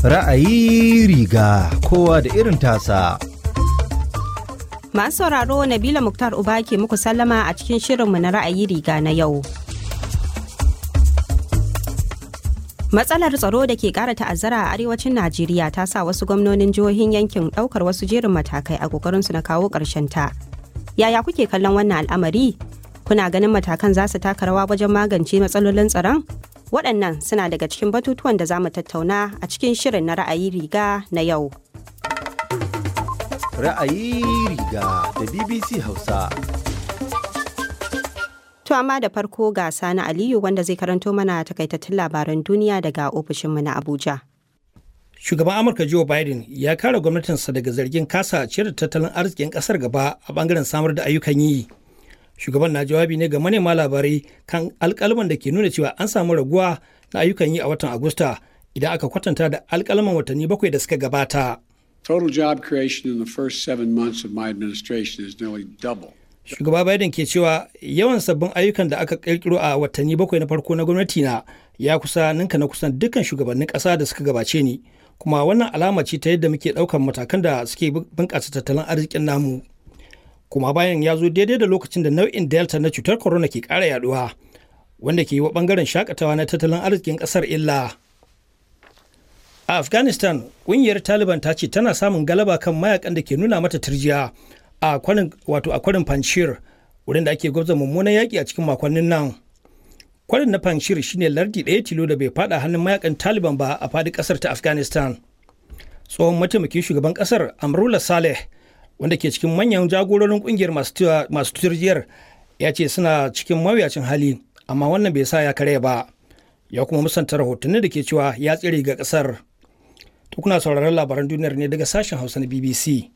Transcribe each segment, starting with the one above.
ra'ayi riga kowa da irin tasa. Masu sauraro Nabila Muktar Uba ke muku sallama a cikin shirinmu na ra'ayi riga na yau. Matsalar tsaro da ke kara ta'azzara a arewacin Najeriya ta sa wasu gwamnonin jihohin yankin ɗaukar wasu jerin matakai a su na kawo ƙarshen ta. Yaya kuke kallon wannan al'amari? Kuna ganin matakan za su taka rawa wajen magance matsalolin tsaron? Waɗannan suna daga cikin batutuwan da za mu tattauna a cikin shirin na ra'ayi riga na yau. Ra'ayi riga da BBC Hausa. To amma da farko ga Sani Aliyu wanda zai karanto mana takaitattun labaran duniya daga ofishinmu na Abuja. Shugaban Amurka Joe Biden ya kare gwamnatinsa daga zargin kasa cire tattalin arzikin kasar gaba a bangaren samar da ayyukan yi. shugaban na jawabi ne ga manema labarai kan alkalman da ke nuna cewa an samu raguwa na ayyukan yi a watan agusta idan aka kwatanta da alkalman watanni bakwai da suka gabata shugaba biden ke cewa yawan sabbin ayyukan da aka kirkiro a watanni bakwai na farko na gwamnati na ya kusa ninka na kusan dukkan shugabannin ƙasa da suka gabace ni kuma wannan alama ce ta yadda muke ɗaukar matakan da suke bunkasa tattalin arzikin namu kuma bayan ya zo daidai da lokacin da nau'in delta na cutar corona ke kara yaduwa wanda ke yi wa ɓangaren shakatawa na tattalin arzikin ƙasar illa a afghanistan ƙungiyar taliban ta ce tana samun galaba kan mayakan da ke nuna mata turjiya a kwarin wato a kwarin panshir wurin da ake gwabza mummunan yaki a cikin makonnin nan kwarin na panshir shine lardi ɗaya tilo da bai fada hannun mayakan taliban ba a fadi kasar ta afghanistan tsohon mataimakin shugaban ƙasar amrullah saleh wanda ke cikin manyan jagororin kungiyar masu turjiyar ya ce suna cikin mawuyacin hali amma wannan bai sa ya kare ba ya kuma musanta rahotanni da ke cewa ya tsire ga kasar tukuna sauraron labaran duniyar ne daga sashen hausa na bbc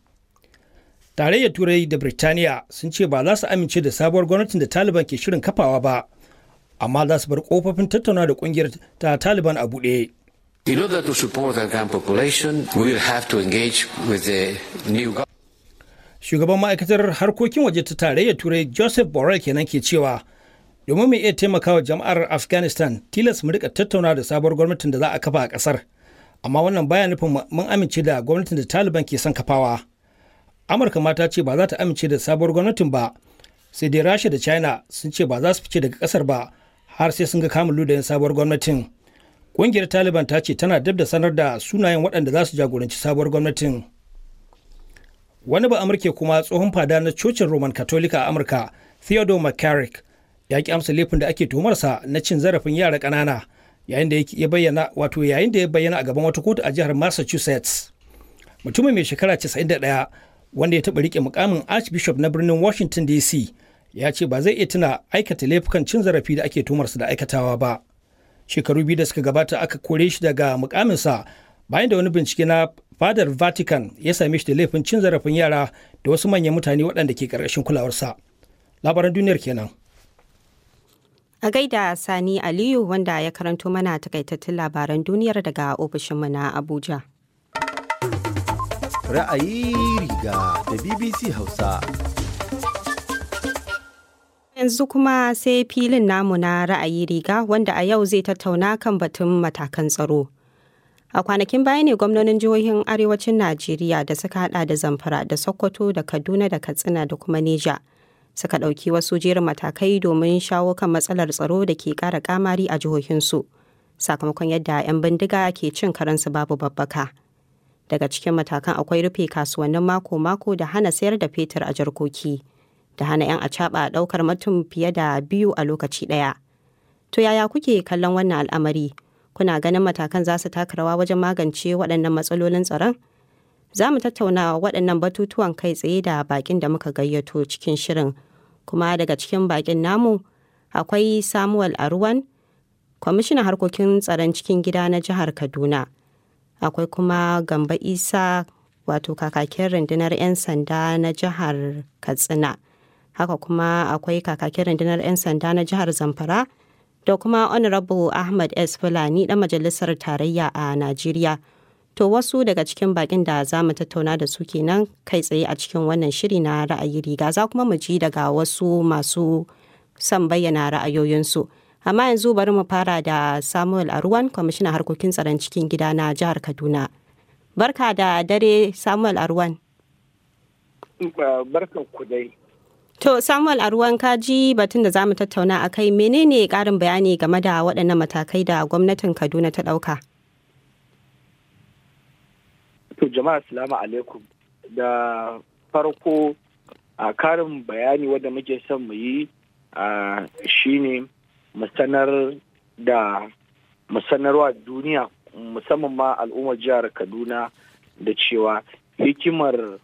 tarayyar turai da birtaniya sun ce ba za su amince da sabuwar gwamnatin da taliban ke shirin kafawa ba amma za su bar kofofin tattauna da kungiyar ta taliban a buɗe In order to support the Afghan population, we will have to engage with the new government. shugaban ma'aikatar harkokin waje ta tarayyar turai joseph borrell kenan ke cewa domin mai iya taimakawa jama'ar afghanistan tilas mu rika tattauna da sabuwar gwamnatin da za a kafa a kasar amma wannan baya nufin mun amince da gwamnatin da taliban ke son kafawa amurka ma ta ce ba za ta amince da sabuwar gwamnatin ba sai dai rasha da china sun ce ba za su fice daga kasar ba har sai sun ga kamun ludayin sabuwar gwamnatin ƙungiyar taliban ta ce tana dab da sanar da sunayen waɗanda za su jagoranci sabuwar gwamnatin wani ba amurke kuma tsohon fada na cocin roman katolika a amurka theodore mccarrick ya ki amsa laifin da ake tuhumarsa na cin zarafin yara ƙanana yayin da ya bayyana wato yayin da ya bayyana a gaban wata kotu a jihar massachusetts mutumin mai shekara 91 wanda ya taɓa rike mukamin archbishop na birnin washington dc ya ce ba zai iya tuna aikata laifukan cin zarafi da ake tuhumarsa da aikatawa ba shekaru biyu da suka gabata aka kore shi daga mukaminsa bayan da wani bincike na fadar vatican ya same shi da laifin cin zarafin yara da wasu manyan mutane waɗanda ke ƙarƙashin kulawarsa labaran duniyar kenan a gaida sani aliyu wanda ya karanto mana takaitattun labaran duniyar daga ofishinmu na abuja ra'ayi riga da bbc hausa yanzu kuma sai filin namu na ra'ayi riga wanda a yau zai tattauna kan batun matakan tsaro A kwanakin baya ne gwamnonin jihohin arewacin Najeriya da suka hada da Zamfara da Sokoto da Kaduna da Katsina da kuma Neja suka ɗauki wasu jerin matakai domin shawo kan matsalar tsaro da ke ƙara kamari a jihohinsu sakamakon yadda 'yan bindiga ke cin karansu babu babbaka. Daga cikin matakan akwai rufe kasuwannin mako-mako da hana sayar da fetur a jarkoki da hana 'yan acaɓa ɗaukar mutum fiye da biyu a lokaci ɗaya. To yaya kuke kallon wannan al'amari? kuna ganin matakan za su taka rawa wajen magance waɗannan matsalolin tsaron? Za mu tattauna waɗannan batutuwan kai tsaye da baƙin da muka gayyato cikin shirin. Kuma daga cikin bakin namu akwai Samuel Aruwan, kwamishinan harkokin tsaron cikin gida na jihar Kaduna. Akwai kuma Gamba Isa wato kakakin rundunar 'yan sanda na jihar Katsina. Haka kuma akwai kakakin rundunar 'yan sanda na jihar Zamfara. da kuma honorable ahmad s fulani dan majalisar tarayya a najeriya to wasu daga cikin bakin da za mu tattauna da su kenan kai tsaye a cikin wannan shiri na ra'ayi riga za kuma mu ji daga wasu masu son bayyana ra'ayoyinsu amma yanzu bari mu fara da samuel aruwan kwamishinan harkokin tsaron cikin gida na jihar kaduna barka da dare samuel aruwan barka ku To Samuel a ruwan kaji batun da zamu tattauna a kai menene ƙarin bayani game da waɗannan matakai da gwamnatin Kaduna ta ɗauka? To jama'a salamu alaikum da farko a karin bayani wanda muke son mu yi shi ne sanar da duniya musamman ma al'ummar jihar Kaduna da cewa hikimar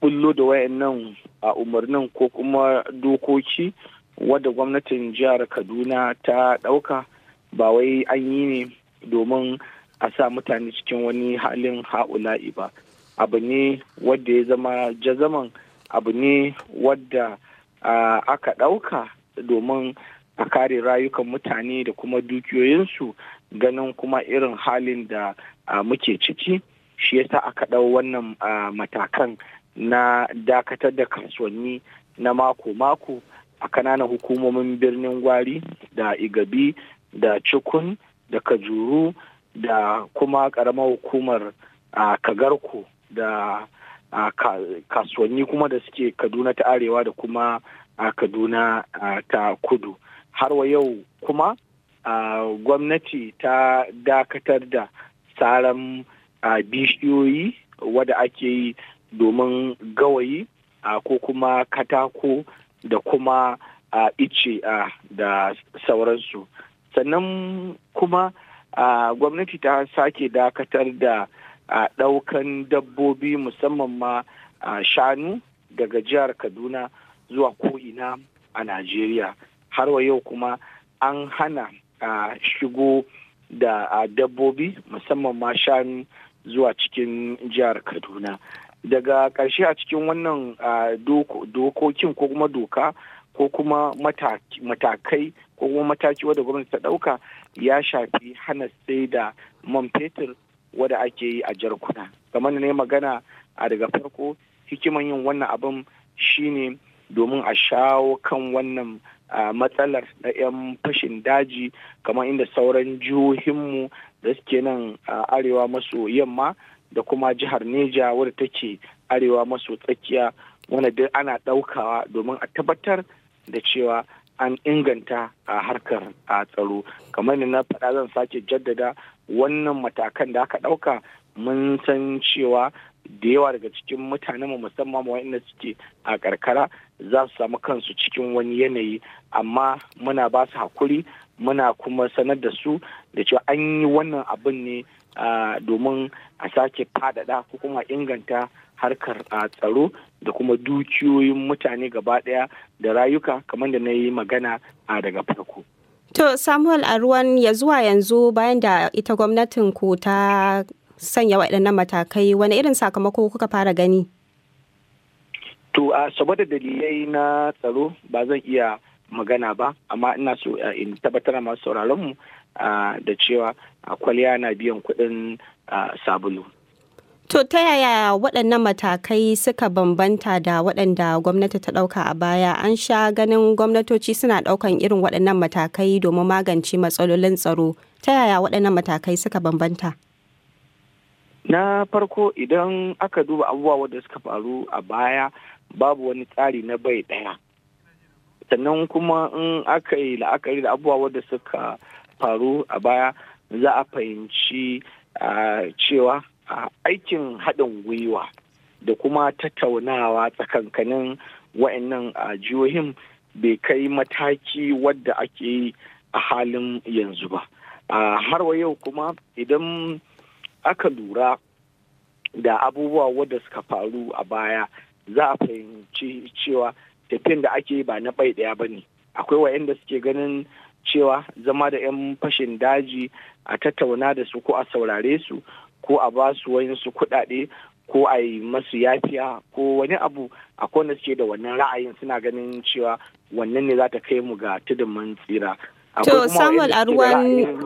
bullo da wayannan a umarnin ko kuma dokoki wadda gwamnatin jihar kaduna ta ɗauka ba wai an yi ne domin a sa mutane cikin wani halin ha'ula'i ba abu ne wadda ya zama jazaman abu ne wadda aka ɗauka domin a kare rayukan mutane da kuma dukiyoyinsu ganin kuma irin halin da muke ciki shi yasa aka ɗau wannan matakan na dakatar da kasuwanni na mako-mako a kananan hukumomin birnin gwari da igabi da cikun da kajuru da kuma karamar hukumar a kagarko da kasuwanni kuma da suke kaduna ta arewa da kuma kaduna ta kudu har wa yau kuma gwamnati ta dakatar da tsaron bishiyoyi wadda ake yi domin gawayi ko kuma katako da kuma a ice da sauransu sannan kuma a gwamnati ta sake dakatar da a ɗaukan dabbobi musamman ma shanu daga jihar kaduna zuwa ko'ina a najeriya har wa yau kuma an hana a shigo da dabbobi musamman ma shanu zuwa cikin jihar kaduna daga ƙarshe a cikin wannan dokokin ko kuma doka ko kuma matakai ko kuma mataki wadda gwamnati ta ɗauka ya shafi hana sai da man fetur wadda ake yi a jarkuna kamar ne magana a daga farko hikiman yin wannan abin shine domin a shawo kan wannan matsalar na 'yan fashin daji kamar inda sauran jihohinmu da suke nan arewa maso yamma da kuma jihar neja wadda take arewa maso tsakiya wanda duk ana ɗaukawa domin a tabbatar da cewa an inganta a harkar a tsaro kamar ne na faɗa zan sake jaddada wannan matakan da aka ɗauka mun san cewa da yawa daga cikin mutane mu musamman waɗanda suke a karkara za su samu kansu cikin wani yanayi amma muna ba su hakuri muna kuma sanar da su da cewa an yi wannan abin ne domin a sake fadada ko kuma inganta harkar tsaro da kuma dukiyoyin mutane gaba daya da rayuka kamar da na yi magana daga farko. To Samuel Arwan ya zuwa yanzu bayan da ita gwamnatin ku ta sanya waɗannan matakai wani irin sakamako kuka fara gani? To a saboda dalilai na tsaro ba zan iya magana ba amma ina so in tabbatar masu sauraronmu mu da cewa kwalya na biyan kuɗin sabulu. To ta yaya waɗannan matakai suka bambanta da waɗanda gwamnati ta ɗauka a baya an sha ganin gwamnatoci suna ɗaukan irin waɗannan matakai domin magance matsalolin tsaro ta yaya waɗannan matakai suka bambanta? Na farko idan aka duba abubuwa wadda suka faru a baya babu wani tsari na bai ɗaya. Sannan kuma in aka yi la'akari da abubuwa wadda suka faru a baya za a fahimci cewa aikin haɗin gwiwa da kuma tattaunawa tsakankanin wa'annan jihohin bai kai mataki wadda ake yi a halin yanzu ba har wa yau kuma idan aka lura da abubuwa wadda suka faru a baya za a fahimci cewa tafiyan da ake yi ba na bai ɗaya ba ne akwai wa'anda suke ganin cewa zama da 'yan fashin daji a tattauna da su ko a saurare su ko a ba su wayansu kuɗaɗe ko a yi masu yafiya ko wani abu a kone suke da wannan ra'ayin suna ganin cewa wannan ne za ta kai mu ga tudun tsira To Samuel Arwan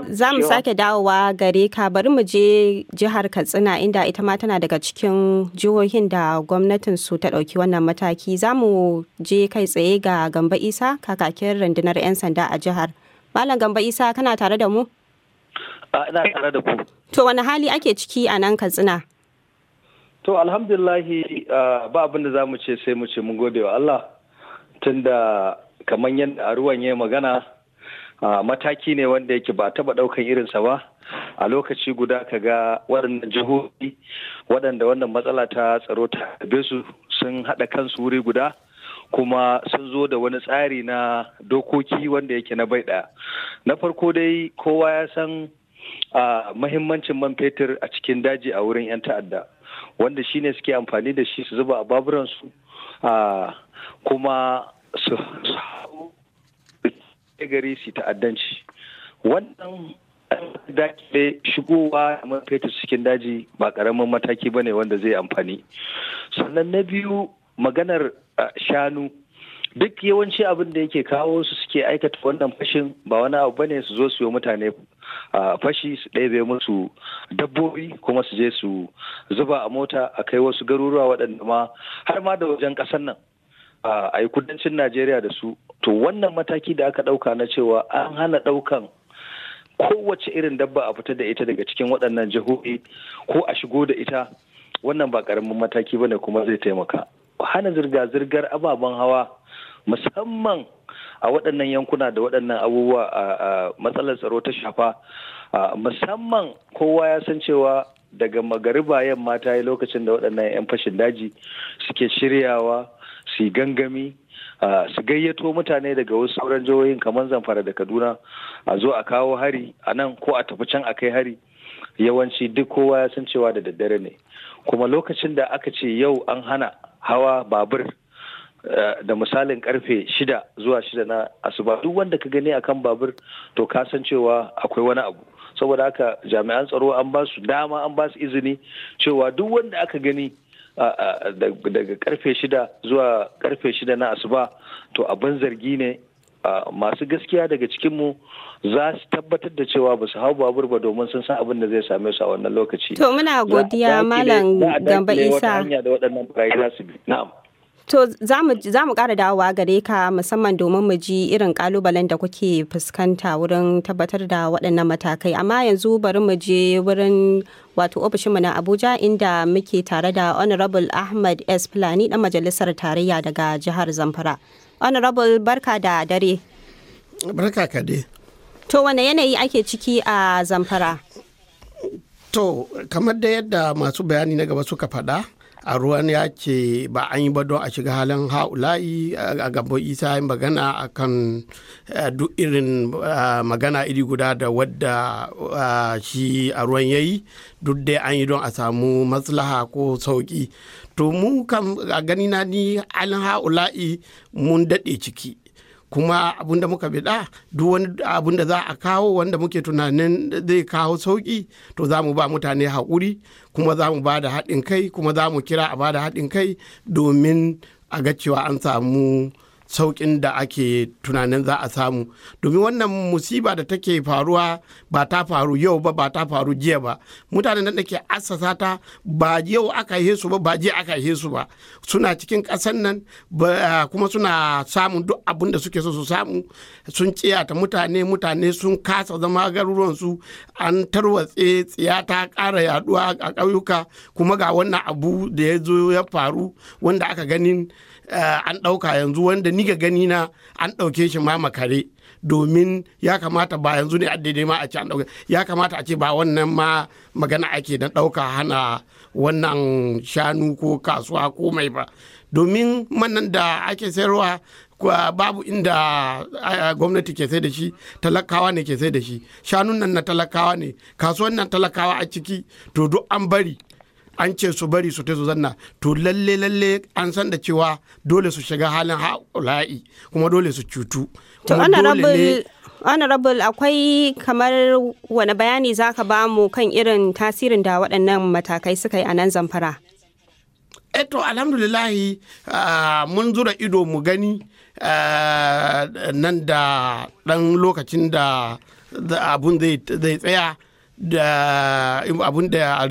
za mu sake dawowa gare ka bari mu je jihar Katsina inda ita ma tana daga cikin jihohin da gwamnatin su ta ɗauki wannan mataki za mu je kai tsaye ga Gamba Isa kakakin rundunar 'yan sanda a jihar. Malam Gamba Isa kana tare da mu? Ina tare da ku. To wani hali ake ciki a nan Katsina? To alhamdulillahi ba abin da za mu ce sai mu ce mun gode wa Allah tunda kamar yadda a ruwan ya magana mataki ne wanda yake ba taba daukan irinsa ba a lokaci guda ka ga waɗannan jihohi waɗanda wannan matsala ta tsaro ta su sun haɗa kansu wuri guda kuma sun zo da wani tsari na dokoki wanda yake na bai ɗaya na farko dai kowa ya san mahimmancin man fetur a cikin daji a wurin 'yan ta'adda wanda shi ne suke amfani da shi su zuba a baburansu kuma su gari su ta'addanci wannan dakile shigowa a man fetur cikin daji ba ƙaramin mataki ba ne wanda zai amfani sannan na biyu maganar shanu duk yawanci abin da yake kawo su suke aikata wannan fashin ba wani abu bane su zo su yi mutane fashi su ɗebe musu dabbobi kuma su je su zuba a mota a kai wasu garuruwa waɗanda ma har ma da wajen ƙasar nan a yi kudancin najeriya da su to wannan mataki da aka ɗauka na cewa an hana ɗaukan kowace irin dabba a fita da ita daga cikin waɗannan jihohi ko a shigo da ita wannan ba ƙaramin mataki bane kuma zai taimaka hana zirga-zirgar ababen hawa musamman a waɗannan yankuna da waɗannan abubuwa a matsalar tsaro ta shafa musamman kowa ya san cewa daga magariba yamma ta yi lokacin da waɗannan 'yan fashin daji suke shiryawa su gangami su gayyato mutane daga wasu sauran jihohin kamar zamfara da kaduna a zo a kawo hari a nan ko a tafi can a kai hari yawanci duk kowa ya san cewa da daddare ne kuma lokacin da aka ce yau an hana hawa babur eh, da misalin karfe shida zuwa shida na asuba duk wanda ka gani akan babur to ka san cewa akwai wani abu saboda haka jami'an tsaro an ba su dama an ba su izini cewa duk wanda aka gani daga karfe shida zuwa karfe shida na asuba to abin zargi ne masu gaskiya daga cikinmu za su tabbatar da cewa ba su hau babur ba domin sun san abin da zai same su a wannan lokaci. To muna godiya Malam Gamba Isa. To za mu ƙara dawowa gare ka musamman domin mu ji irin ƙalubalen da kuke fuskanta wurin tabbatar da waɗannan matakai. Amma yanzu bari mu je wurin wato ofishinmu na Abuja inda muke tare da Honorable Ahmad S. Fulani ɗan majalisar tarayya daga jihar Zamfara. honorable barka da dare barka ka dai to wane yanayi ake ciki a zamfara to kamar da yadda masu bayani na gaba suka faɗa a ruwan ya ce ba an yi ba don a shiga halin haulayi a gaban isa yin magana kan eh, duk irin eh, magana iri guda da wadda eh, shi a ruwan ya yi duk dai an yi don a samu maslaha ko sauki to mu kan a gani na ni halin haula'i mun daɗe ciki kuma abun da muka bida duk wani abun da za a kawo wanda muke tunanin zai kawo sauki to za mu ba mutane haƙuri kuma za mu ba da haɗin kai kuma za mu kira a ba da haɗin kai domin a ga cewa an samu sauƙin da ake tunanin za a samu domin wannan musiba da take faruwa ba ta faru yau ba ba ta faru jiya ba mutanen da ke assasa ta ba yau aka yi su ba ba jiya aka yi su ba suna cikin ƙasan nan kuma suna samun duk abin da suke so su samu sun ciyata mutane mutane sun kasa zama garuruwansu an tarwatse tsiya ta ƙara yaduwa a ƙauyuka kuma ga wannan abu da ya zo ya faru wanda aka ganin Eh, an ɗauka yanzu wanda ni ga gani na an ɗauke shi ma makare domin ya kamata ba yanzu ne daidai ma a ce an ɗauke. ya kamata a ce ba wannan ma magana ake na ɗauka hana wannan shanu ko kasuwa ko mai ba domin manan da ake sayarwa babu inda eh, gwamnati ke sai da shi talakawa ne ke sai da shi shanun nan na talakawa ne kasuwan nan talakawa a ciki to duk an bari an ce su bari su ta zanna to lalle lalle an san da cewa dole su shiga halin haula'i kuma dole su cutu to honorable akwai kamar wani bayani za ka ba mu kan irin tasirin da waɗannan matakai suka yi a nan zamfara eto eh, alhamdulillahi ah, mun zura ido mu gani ah, nan da ɗan lokacin da abun zai tsaya da abin da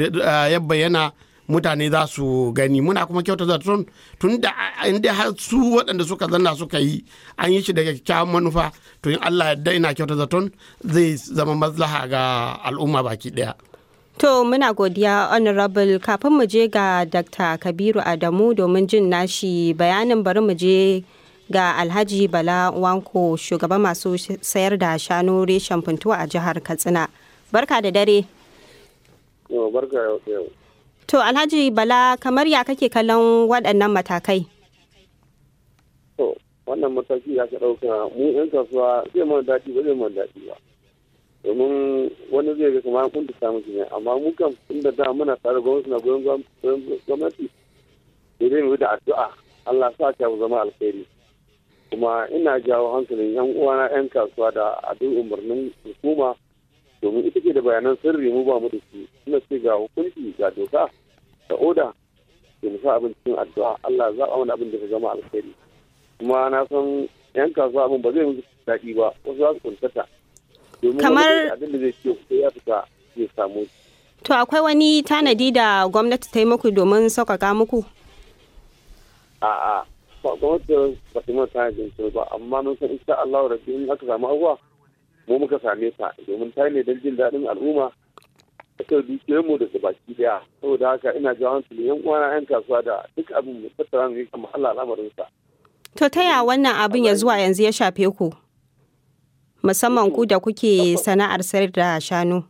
ya bayyana mutane za su gani muna kuma kyauta zaton tun da inda har su waɗanda suka zanna suka yi an yi shi daga kyakkyawan manufa to in Allah ya ina kyauta zaton zai zama maslaha ga al'umma baki ɗaya. To muna godiya honorable kafin mu je ga Dr. Kabiru Adamu domin jin nashi bayanin bari mu je ga Alhaji Bala Wanko shugaba masu sayar da shanu reshen funtuwa a jihar Katsina. barka da dare. Yau barka To Alhaji Bala kamar ya kake kallon waɗannan matakai? To wannan mataki ya ka ɗauka mu 'yan kasuwa zai mana daɗi ba zai mana daɗi ba. Domin wani zai ga kamar kun ta samu ne amma mu kan inda da muna tare gwamnati na goyon gwamnati sai mu da addu'a Allah sa ta zama alheri Kuma ina jawo hankalin 'yan uwana 'yan kasuwa da addu'in umarnin hukuma domin ita ke da bayanan sirri mu ba mu da su suna ce ga hukunci ga doka da oda ke nufa abin cikin addu'a Allah ya zaɓa mana abin da ka zama alkhairi kuma na san yan kasuwa abin ba zai musu daɗi ba wasu za su kuntata domin abin da zai ce ko ya fita ya samu to akwai wani tanadi da gwamnati ta yi muku domin sauƙaƙa muku a'a ba gwamnati ba ta yi mana tanadin ba amma mun san insha Allah rabbi in aka samu abuwa mu muka same sa domin ta ne don jin daɗin al'umma da kan mu da baki daya saboda haka ina jawo hankali yan uwana yan kasuwa da duk abin mu tattara ne kan Allah al'amarin sa to ta yaya wannan abin ya zuwa yanzu ya shafe ku musamman ku da kuke sana'ar sayar da shanu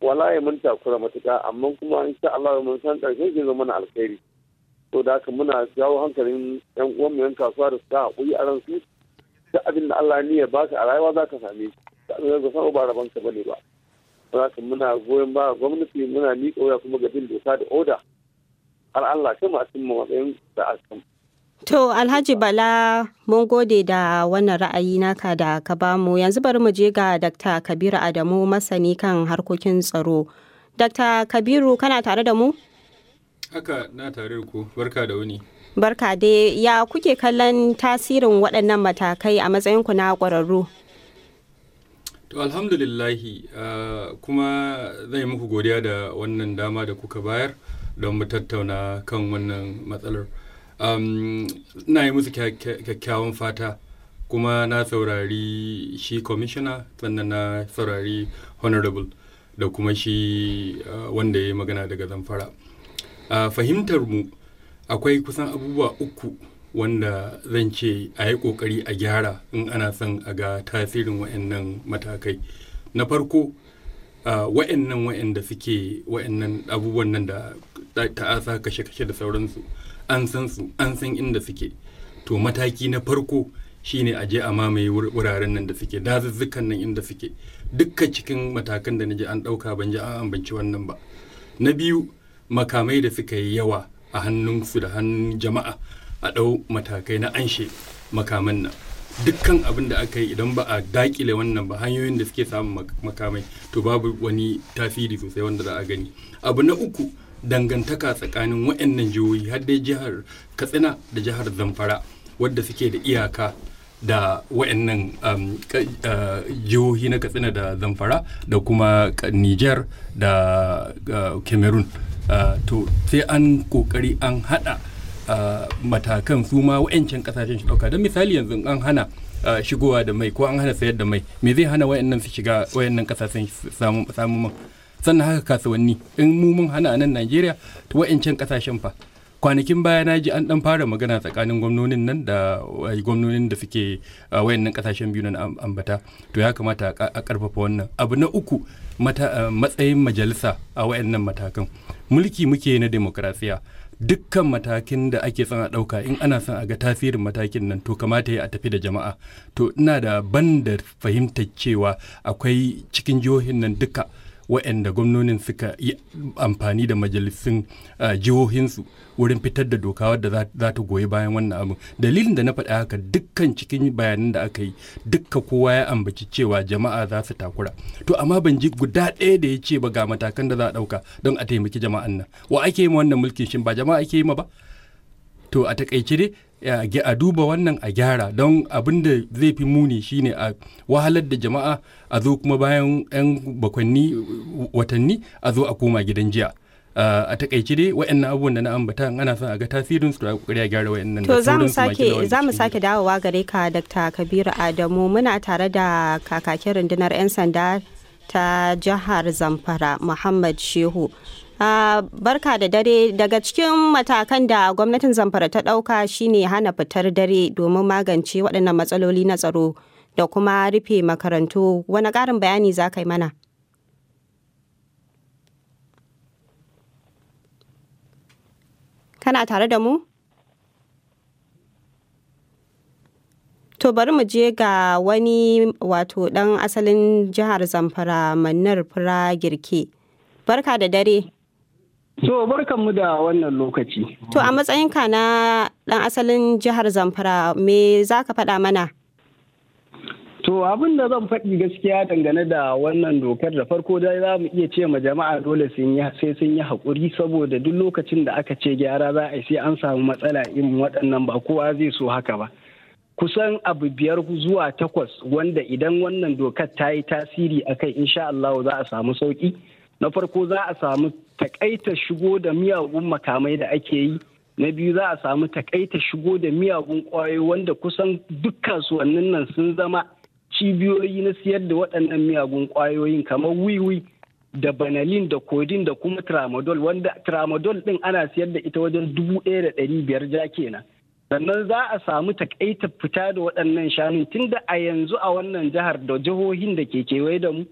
wallahi mun takura matuka amma kuma sha Allah mun san karshen zai zama alkhairi to da haka muna jawo hankalin yan uwan mu yan kasuwa da su ta haƙuri a ransu duk abin da Allah ne ya baka a rayuwa za ka same shi da Allah ba rabon ka bane ba haka muna goyon ba gwamnati muna miƙa wuya kuma ga bin doka da oda har Allah mu a matsayin da a To Alhaji Bala mun gode da wannan ra'ayi naka da ka bamu yanzu bari mu je ga Dr. Kabiru Adamu masani kan harkokin tsaro. Dr. Kabiru kana tare da mu? Haka na tare ku barka da wuni. barka dai ya kuke kallon tasirin waɗannan matakai a matsayinku na ƙwararru to alhamdulillahi ah, kuma zai muku godiya da wannan dama da kuka bayar don mu tattauna kan wannan matsalar na yi musu kyakkyawan fata kuma na saurari shi commissioner sannan na saurari honorable da kuma shi ah, wanda ya yi magana daga zamfara ah, fahimtar mu akwai kusan abubuwa uku wanda zan ce a yi ƙoƙari a gyara in ana son a ga tasirin wa'annan matakai na farko wa'annan wa'anda suke wa'annan abubuwan nan da ta'asa kashe-kashe da sauransu an san su an san inda suke to mataki na farko shine a je a mamaye wuraren nan da suke dazuzzukan nan inda suke dukka cikin matakan da na je an ɗauka ban ji an ambanci wannan ba na biyu makamai da suka yi yawa a hannun su da hannun jama'a a ɗau matakai na anshe makaman nan dukkan abin da aka yi idan ba a dakile wannan ba hanyoyin da suke samun makamai to babu wani tasiri sosai wanda za a gani abu na uku dangantaka tsakanin waɗannan jihohi har dai jihar katsina da jihar zamfara wadda suke da iyaka da waɗannan um, uh, jihohi na katsina da zamfara da kuma niger da uh, cameroon Eh, to sai an kokari an hada eh, matakan su ma wa'ancan kasashen shi dauka don misali yanzu an hana eh, shigowa da mai ko an hana sayar da mai me zai hana wayannan su shiga wayannan kasashen samun man sannan haka kasuwanni in mu mun hana nan Najeriya to wayancan kasashen fa kwanakin baya na ji an dan fara magana tsakanin gwamnonin nan da gwamnonin da suke wayannan kasashen biyu nan ambata to ya kamata a karfafa wannan abu na uku matsayin majalisa a wayannan matakan mulki muke na demokrasiya dukkan matakin da ake son a ɗauka in ana son a ga tasirin matakin nan to kamata ya a tafi da jama'a to ina da ban da fahimtar cewa akwai cikin jihohin nan duka waɗanda gwamnonin suka yi amfani da majalisun uh, jihohinsu wurin fitar da doka wadda za ta goyi bayan wannan abu dalilin da na faɗa haka dukkan cikin bayanan da aka yi dukka kowa ya ambaci cewa jama'a za su takura to amma ban ji guda ɗaya da ya ce ba ga matakan da za a ɗauka don a taimaki jama'an nan wa ake yi wannan mulkin shin ba jama'a ake yi ma ba to a takaice dai a duba wannan a gyara don abin da zai fi muni shine a wahalar da jama'a a zo kuma bayan 'yan bakwanni watanni a zo a koma gidan jiya. a takaice dai waɗannan abubuwan da na ambata ana son a ga tasirin su da kokari a gyara waɗannan to za mu sake za mu sake dawowa gare ka Dr. Kabiru Adamu muna tare da kakakin rundunar 'yan sanda ta jihar Zamfara Muhammad Shehu barka da dare daga cikin matakan da gwamnatin zamfara ta ɗauka shine hana fitar dare domin magance waɗannan matsaloli na tsaro da kuma rufe makarantu wani ƙarin bayani za ka yi mana kana tare da mu To bari mu je ga wani wato ɗan asalin jihar Zamfara manar Fura Girke. Barka da dare. So barkanmu da wannan lokaci. To a matsayinka na ɗan asalin jihar Zamfara me za ka faɗa mana? To abin da zan faɗi gaskiya dangane da wannan dokar da farko dai za mu iya ce ma jama'a dole sai sun yi haƙuri saboda duk lokacin da aka ce gyara za a yi sai an samu matsala in waɗannan ba kowa zai so haka ba. kusan abu biyar zuwa takwas wanda idan wannan dokar ta yi tasiri a kai insha Allah za a samu sauki na farko za a samu takaita shigo da miyagun makamai da ake yi na biyu za a samu takaita shigo da miyagun kwayoyi wanda kusan duk kasuwannin nan sun zama cibiyoyi na siyar da waɗannan miyagun kwayoyin kamar wiwi da banalin da kodin da kuma tramadol wanda tramadol din ana siyar da ita wajen dubu ɗaya da ɗari biyar ja kenan sannan za a samu takaita fita da waɗannan shanun tunda a yanzu a wannan jihar da jihohin da ke kewaye da mu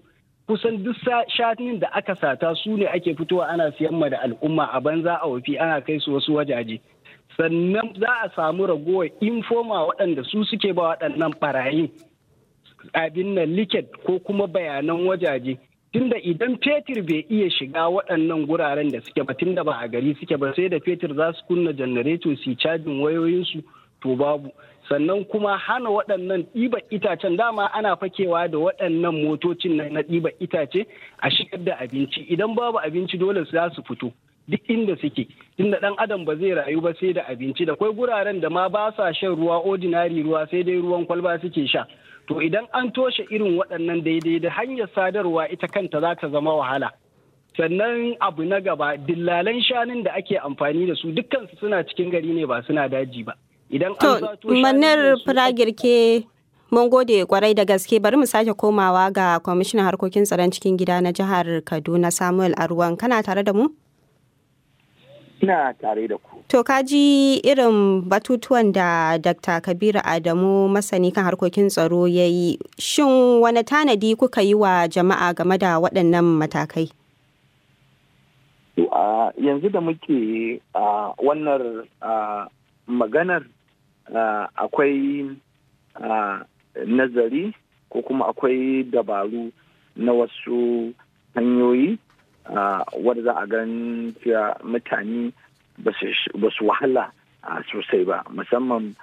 kusan duk shatin da aka sata su ne ake fitowa ana siyan ma da al'umma a banza a wafi ana kai su wasu wajaje sannan za a samu ragowar infoma waɗanda su suke ba waɗannan barayin abin nan liket ko kuma bayanan wajaje tunda idan fetur bai iya shiga waɗannan guraren da suke ba tunda ba a gari suke ba sai da fetur za su kunna janareto su yi cajin wayoyinsu to babu sannan kuma hana waɗannan ɗiban itacen dama ana fakewa da waɗannan motocin na ɗiba itace a shigar da abinci idan babu abinci dole su za su fito duk inda suke inda ɗan adam ba zai rayu ba sai da abinci da kwai guraren da ma ba sa shan ruwa ordinary ruwa sai dai ruwan kwalba suke sha to idan an toshe irin waɗannan daidai da hanyar sadarwa ita kanta za ta zama wahala sannan abu na gaba dillalan shanun da ake amfani da su dukkansu suna cikin gari ne ba suna daji ba Idan an sato manar firagirke mun gode kwarai da gaske bari mu sake komawa ga kwamishinan harkokin tsaron cikin gida na jihar Kaduna Samuel Arwan kana tare da mu? Ina tare da ku. To kaji irin batutuwan da Dr. Kabiru Adamu masani kan harkokin tsaro ya yi shin wani tanadi kuka yi wa jama'a game da waɗannan matakai? yanzu da muke wannan maganar akwai nazari ko kuma akwai dabaru na wasu hanyoyi wadda za a gan cewa mutane ba su wahala sosai ba musamman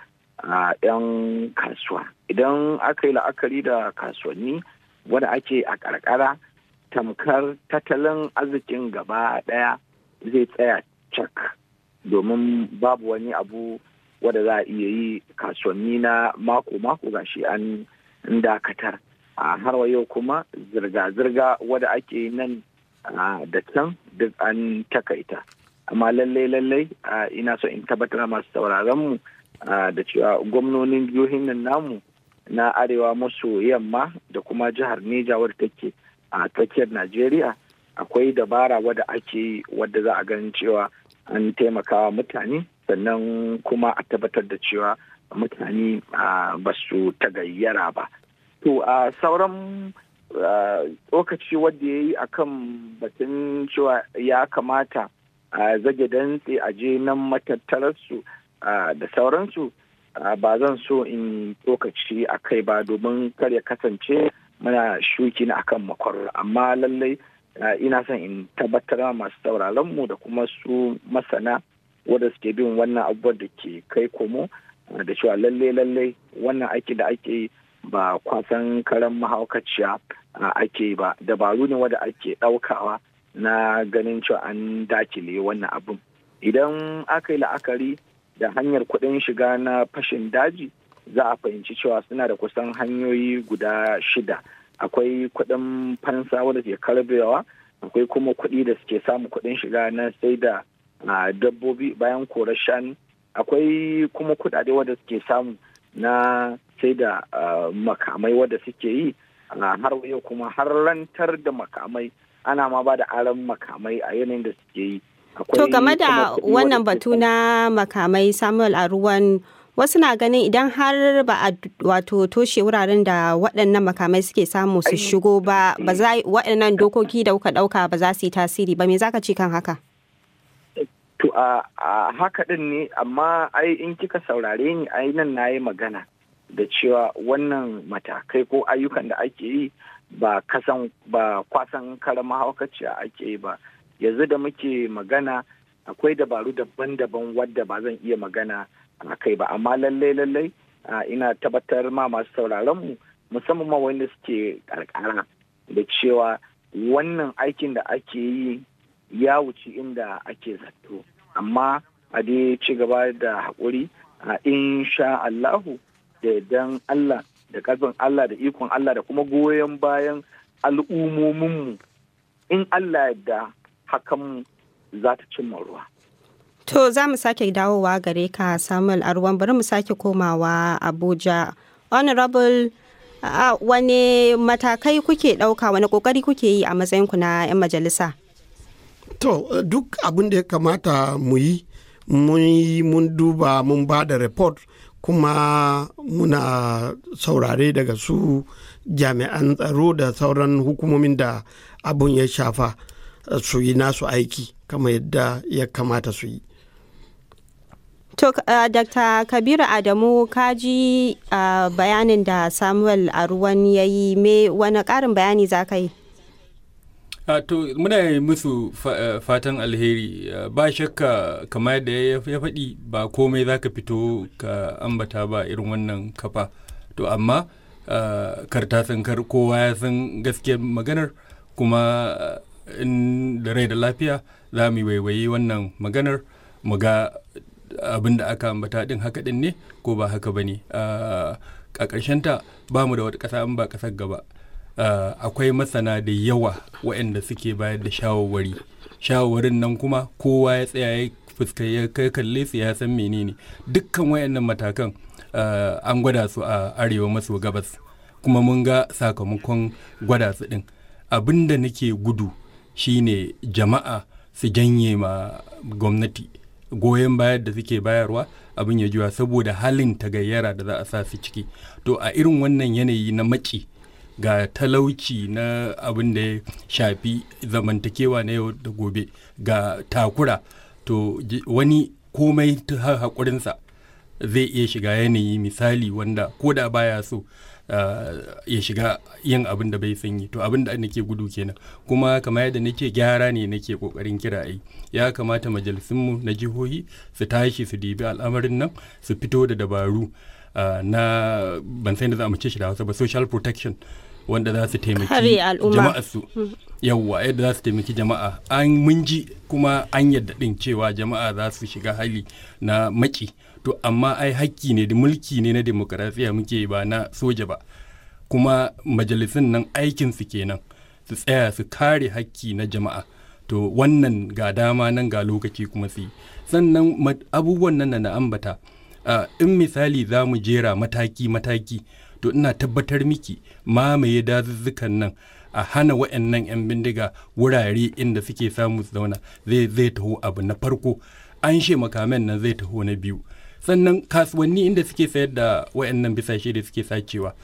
a 'yan kasuwa idan aka yi la'akari da kasuwanni wadda ake a karkara tamkar tattalin arzikin gaba daya zai tsaya cak domin babu wani abu wadda za a iya yi kasuwanni na mako-mako gashi an dakatar a harwa yau kuma zirga-zirga wadda ake nan da can duk an takaita amma lallai-lallai ina so in tabbatar masu sauraronmu da cewa gwamnonin jihohin nan namu na arewa maso yamma da kuma jihar neja wadda take a tsakiyar najeriya akwai dabara wadda ake yi wadda za a ganin cewa an taimakawa mutane sannan kuma a tabbatar da cewa mutane ba su tagayyara ba to a sauran lokaci wadda ya yi a kan batun cewa ya kamata a zage dantse a je nan matattararsu da sauransu ba zan so in lokaci a kai ba domin kar ya kasance muna shuki na akan makwar amma lallai ina son in tabbatar masu sauraronmu da kuma su masana wadda suke bin wannan abubuwan da ke kai komo uh, da cewa lalle lalle wannan aiki da ake ba kwasan karan mahaukaciya uh, ake ba dabaru ne wadda ake ɗaukawa na ganin cewa an dakile wannan abin idan aka yi la'akari da hanyar kuɗin shiga na fashin daji za a fahimci cewa suna da kusan hanyoyi guda shida akwai kuɗin fansa wadda ke karbewa akwai kuma kuɗi da suke samun kuɗin shiga na sai da dabbobi bayan korar shanu akwai kuma kudade wanda suke samu na sai da makamai wanda suke yi har yau kuma har rantar da makamai ana ma ba da aron makamai a yanayin da suke yi to game da wannan batu na makamai samuel aruwan wasu na ganin idan har ba a wato toshe wuraren da waɗannan makamai suke samu su shigo ba eh. waɗannan dokoki da kuka ɗauka ba za su yi tasiri ba me zaka ce kan haka To a haka ɗin ne amma ai in kika saurare ni ai nan na yi magana da cewa wannan matakai ko ayyukan da ake yi ba kasan ba kwasan karama haukaciya ake yi ba yanzu da muke magana akwai dabaru daban-daban wadda ba zan iya magana a kai ba amma lallai lallai ina tabbatar ma masu sauraron mu musamman ma wanda suke karkara da cewa wannan aikin da ake yi ya wuce inda ake zato amma a dai ci gaba da haƙuri a insha Allahu da dan Allah da ƙarfin Allah da ikon Allah da kuma goyon bayan al'ummominmu in Allah da hakan za ta cimma ruwa. To za mu sake dawowa gare ka Samuel Arwan bari mu sake komawa Abuja. Honorable wane matakai kuke ɗauka wani ƙoƙari kuke yi a matsayinku na 'yan majalisa? to eh, duk abin da ya kamata mu yi mun duba mun ba da report kuma muna saurare daga su jami'an tsaro da sauran hukumomin da abun ya shafa eh, su yi nasu aiki kama yadda ya kamata su yi To, uh, eh, Dr. Kabiru Adamu, kaji ji uh, bayanin da Samuel Arwan ya yi, me wani karin bayani za ka yi? to muna yi musu eh, fatan alheri eh, ba shakka kama yadda ya faɗi ba komai za ka fito ka ambata ba irin wannan kafa to amma kartasin eh, kar kowa ya san gaskiyar maganar kuma in da rai da lafiya za mu waiwayi wannan maganar mu ga abin da aka ambata din haka din ne ko ba haka ba ne a ƙarshen ta ba mu da wata ƙasa in ba ƙasar gaba Eh, akwai masana da yawa waɗanda suke bayar da shawarwari shawarwarin nan kuma kowa ya tsaya ya fuska ya kai kalle su ya san menene dukkan waɗannan matakan eh, an gwada su a arewa maso gabas kuma mun ga sakamakon gwada su ɗin abin da nake gudu shine jama'a su janye ma gwamnati goyon bayar da suke bayarwa abin ya juya saboda halin tagayyara da za a sa su ciki to a irin wannan yanayi na maci ga talauci na abin da ya shafi zamantakewa na yau da gobe ga takura to wani komai ta haƙurinsa zai iya shiga yanayi misali wanda ko da baya so ah, ya shiga yin abin da bai sanyi to abin da nake gudu kenan kuma kamar yadda nake gyara ne nake kokarin kira ai ya kamata majalisunmu na jihohi su tashi su dibi al'amarin nan su fito da dabaru Eh, na ban san da za mu ce shi da hausa ba social protection wanda za su taimaki jama'a su hmm. yawwa yadda za su taimaki jama'a an mun ji kuma an yadda din cewa jama'a za su shiga hali na maki to amma ai hakki ne da mulki ne na demokarasiya muke ba na soja ba kuma majalisun nan aikin su kenan su tsaya su kare hakki na jama'a to wannan ga dama nan ga lokaci kuma su sannan abubuwan nan na ambata Ah, in misali za mu jera mataki-mataki to ina tabbatar miki mamaye dazuzzukan nan a hana wa'annan 'yan bindiga wurare inda suke samu zauna zai taho abu na farko an she makamen nan zai taho na biyu sannan kasuwanni inda suke sayar da wa'annan bisashe da suke sacewa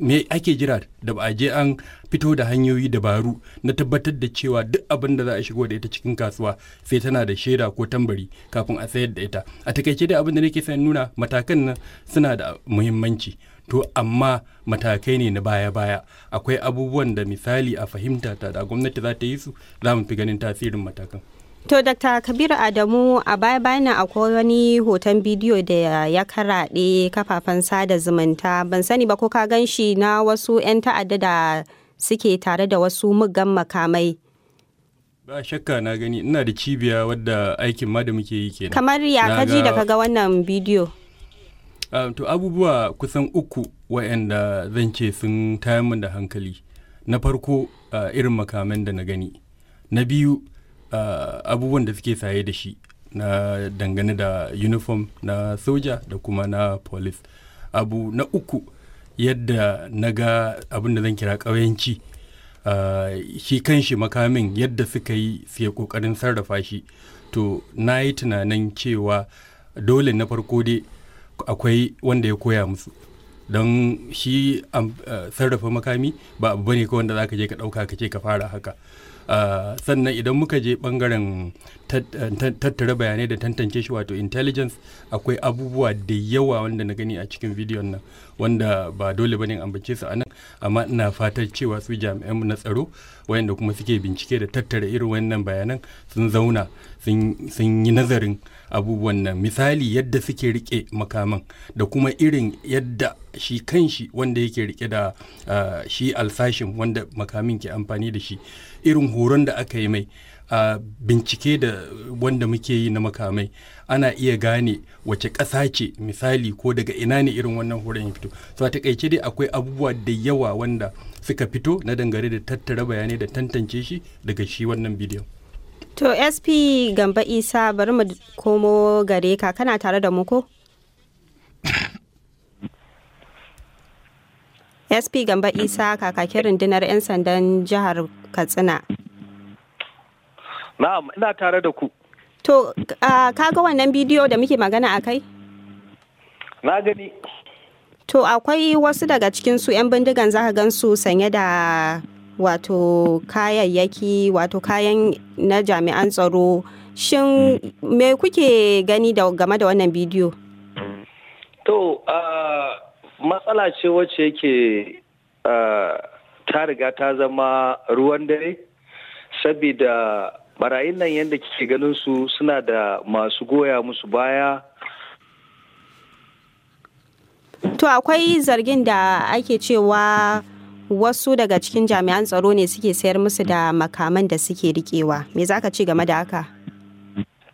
me ake jira da ba a je an fito da hanyoyi dabaru na tabbatar da cewa duk abin da za a shigo da ita cikin kasuwa sai tana da shaida ko tambari kafin a sayar da ita a takaice dai abin da nake son nuna matakan nan suna da muhimmanci to amma matakai ne na baya-baya akwai abubuwan da misali a fahimta ta da gwamnati za ta yi su za mu fi ganin tasirin matakan To, Dr. Kabir Adamu a baya bayan akwai wani hoton bidiyo da ya karaɗe kafafen sada zumunta. Ban sani ba ko ka gan shi na wasu 'yan ta'adda da suke tare da wasu mugan makamai. Ba shakka na gani ina da cibiya wadda aikin ma da muke yi kenan. Kamar ya kaji da kaga wannan bidiyo. to abubuwa kusan uku wa'anda zan ce sun tayar da hankali. Na farko uh, irin makaman da na gani. Na biyu Uh, abubuwan da suke saye da shi na dangane da uniform na soja da kuma na police abu na uku yadda na ga abin da zan kira ƙauyenci uh, shi kan shi makamin yadda suka yi suke ƙoƙarin sarrafa shi to na yi tunanin cewa dole na farko dai akwai wanda ya koya musu don shi um, uh, sarrafa makami ba abu bane kawai wanda za ka je ka ɗauka ka ce ka fara haka sannan idan muka je bangaren eh, tattara bayanai da tantance shi wato intelligence akwai abubuwa da yawa wanda na gani a cikin bidiyon nan wanda ba dole bane ambace su a nan. amma ina fatan cewa su jami'an na tsaro wayanda kuma suke bincike da tattara irin wannan bayanan sun zauna sun yi nazarin abubuwan nan misali yadda suke rike makaman da kuma irin yadda shi kanshi wanda yake rike da eh, shi alsashin wanda makamin ke amfani da shi irin horon da aka yi mai a bincike da wanda muke yi na makamai ana iya gane wace ƙasa ce misali ko daga ina ne irin wannan horon ya fito so a takaice dai akwai abubuwa da yawa wanda suka fito na dangare da tattara bayanai da tantance shi daga shi wannan bidiyon to sp gamba isa bari mu komo gare ka kana tare da mu ko sp gamba isa kakakin rundunar 'yan sandan jihar katsina na'am ina tare da ku to ka kaga wannan bidiyo da muke magana a kai na gani to akwai wasu daga cikin su 'yan bindigan zaka gan su sanye da wato kayayyaki wato kayan na jami'an tsaro shin hmm. me kuke gani da game da wannan bidiyo to uh, matsala ce wacce yake ta riga ta zama ruwan dare saboda barayin nan yadda kike ganin su suna da masu goya musu baya to akwai zargin da ake cewa wasu daga cikin jami'an tsaro ne suke sayar musu da makaman da suke rikewa me za ka ci game da haka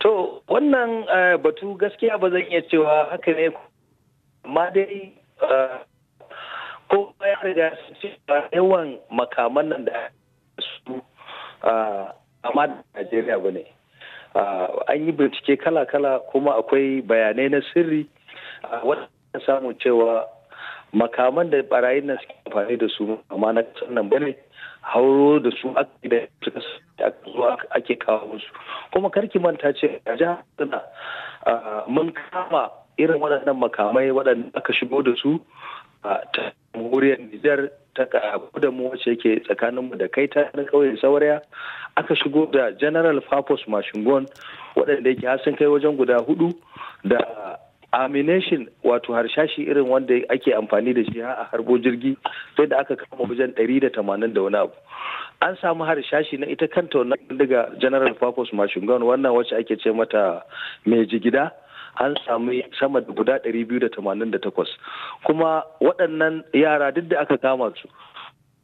to wannan eh, batu gaskiya ba zan iya cewa haka ne amma dai ko ya da yawan makaman nan da su amma da Najeriya ba ne. An yi bincike kala-kala kuma akwai bayanai na sirri wadda samun cewa makaman da barayin nan suke amfani da su amma na kasar nan bane hauro da su da ake kawo musu kuma karki manta ce a jihar mun kama irin waɗannan makamai waɗanda aka shigo da su a muriyar Nijar ta da mu wacce yake mu da kai ta na kauye sauraya aka shigo da general machine Mashingon waɗanda yake har sun kai wajen guda hudu da amination wato harshashi irin wanda ake amfani da shi a harbo jirgi sai da aka kama wajen ɗari da tamanin da wani abu an samu harshashi na ita kanta wannan daga general purpose machine gun wannan wacce ake ce mata mai jigida an sami sama da guda 288 kuma waɗannan yara duk da aka kama su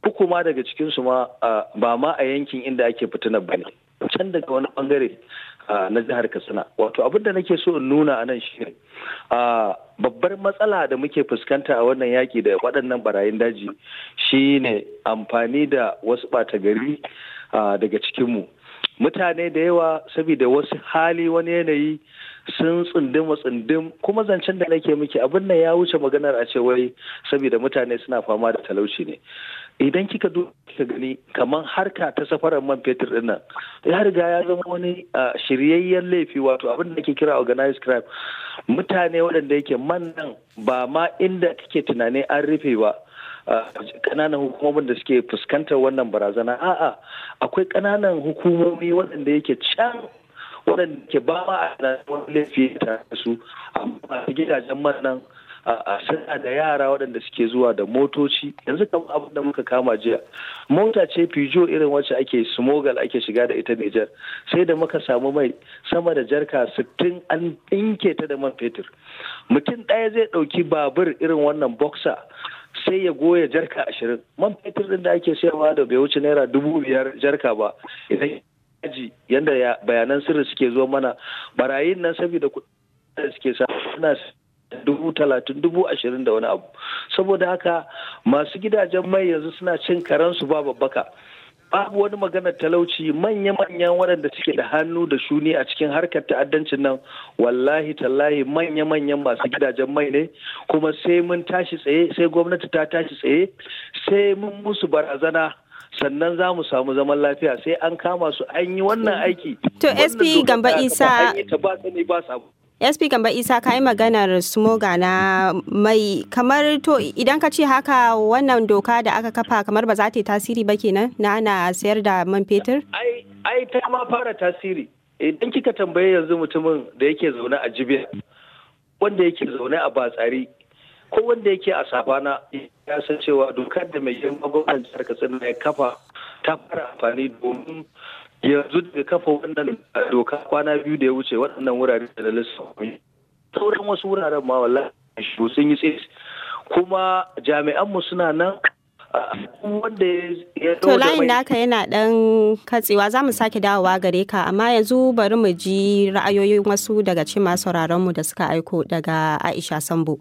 hukuma daga daga cikinsu ma ba ma a yankin inda ake fitinar ba ne can daga wani bangare na jihar katsina wato abin da nake so in nuna a nan shine babbar matsala da muke fuskanta a wannan yaki da waɗannan barayin daji shine amfani da wasu ɓata gari daga cikinmu mutane da yawa saboda wasu hali wani yanayi sun tsunduma tsundum kuma zancen da nake miki abin nan ya wuce maganar a ce wai saboda mutane suna fama da talauci ne idan kika duka gani kamar harka ta safarar man fetur din nan ya riga ya zama wani shiryayyen laifi wato abin da ke kira organized crime mutane waɗanda yake man nan ba ma inda kake tunani an rufe ba kananan hukumomin da suke fuskantar wannan barazana a'a akwai kananan hukumomi waɗanda yake can waɗanda ke ba ma a wani laifi tare da su amma a gidajen man nan a suna da yara waɗanda suke zuwa da motoci yanzu kamar abin da muka kama jiya mota ce pijo irin wacce ake smogal ake shiga da ita Nijar sai da muka samu mai sama da jarka sittin an ɗinke ta da man fetur mutum ɗaya zai ɗauki babur irin wannan boxer sai ya goya jarka ashirin man fetur ɗin da ake sayarwa da bai wuce naira dubu biyar jarka ba idan daji yadda bayanan sirri suke zo mana barayin nan saboda da suke suna dubu talatin dubu ashirin da wani abu saboda haka masu gidajen mai yanzu suna cin karansu ba babbaka babu wani magana talauci manya-manyan waɗanda suke da hannu da shuni a cikin harkar ta'addancin nan wallahi tallahi manya-manyan masu gidajen mai ne kuma sai mun tashi tsaye sai gwamnati ta tashi tsaye sai mun musu barazana sannan za mu samu zaman lafiya sai an kama su an yi wannan aiki. To SP Gamba Isa. SP Gamba Isa ka yi maganar smoga na mai kamar to idan ka ce haka wannan doka da aka kafa kamar ba za ta yi tasiri ba kenan na ana sayar da man fetur? Ai ta ma fara tasiri. Idan kika tambaye yanzu mutumin da yake zaune a Jibiya wanda yake zaune a Batsari ko wanda yake a safana ya san cewa dokar da mai girma gwamnan jihar katsina ya kafa ta fara amfani domin yanzu daga kafa wannan doka kwana biyu da ya wuce waɗannan wurare da lissafi sauran wasu wuraren ma wallahi sun yi tsaye kuma jami'anmu suna nan To layin naka yana ɗan katsewa za mu sake dawowa gare ka amma yanzu bari mu ji ra'ayoyin wasu daga cikin masu mu da suka aiko daga Aisha Sambo.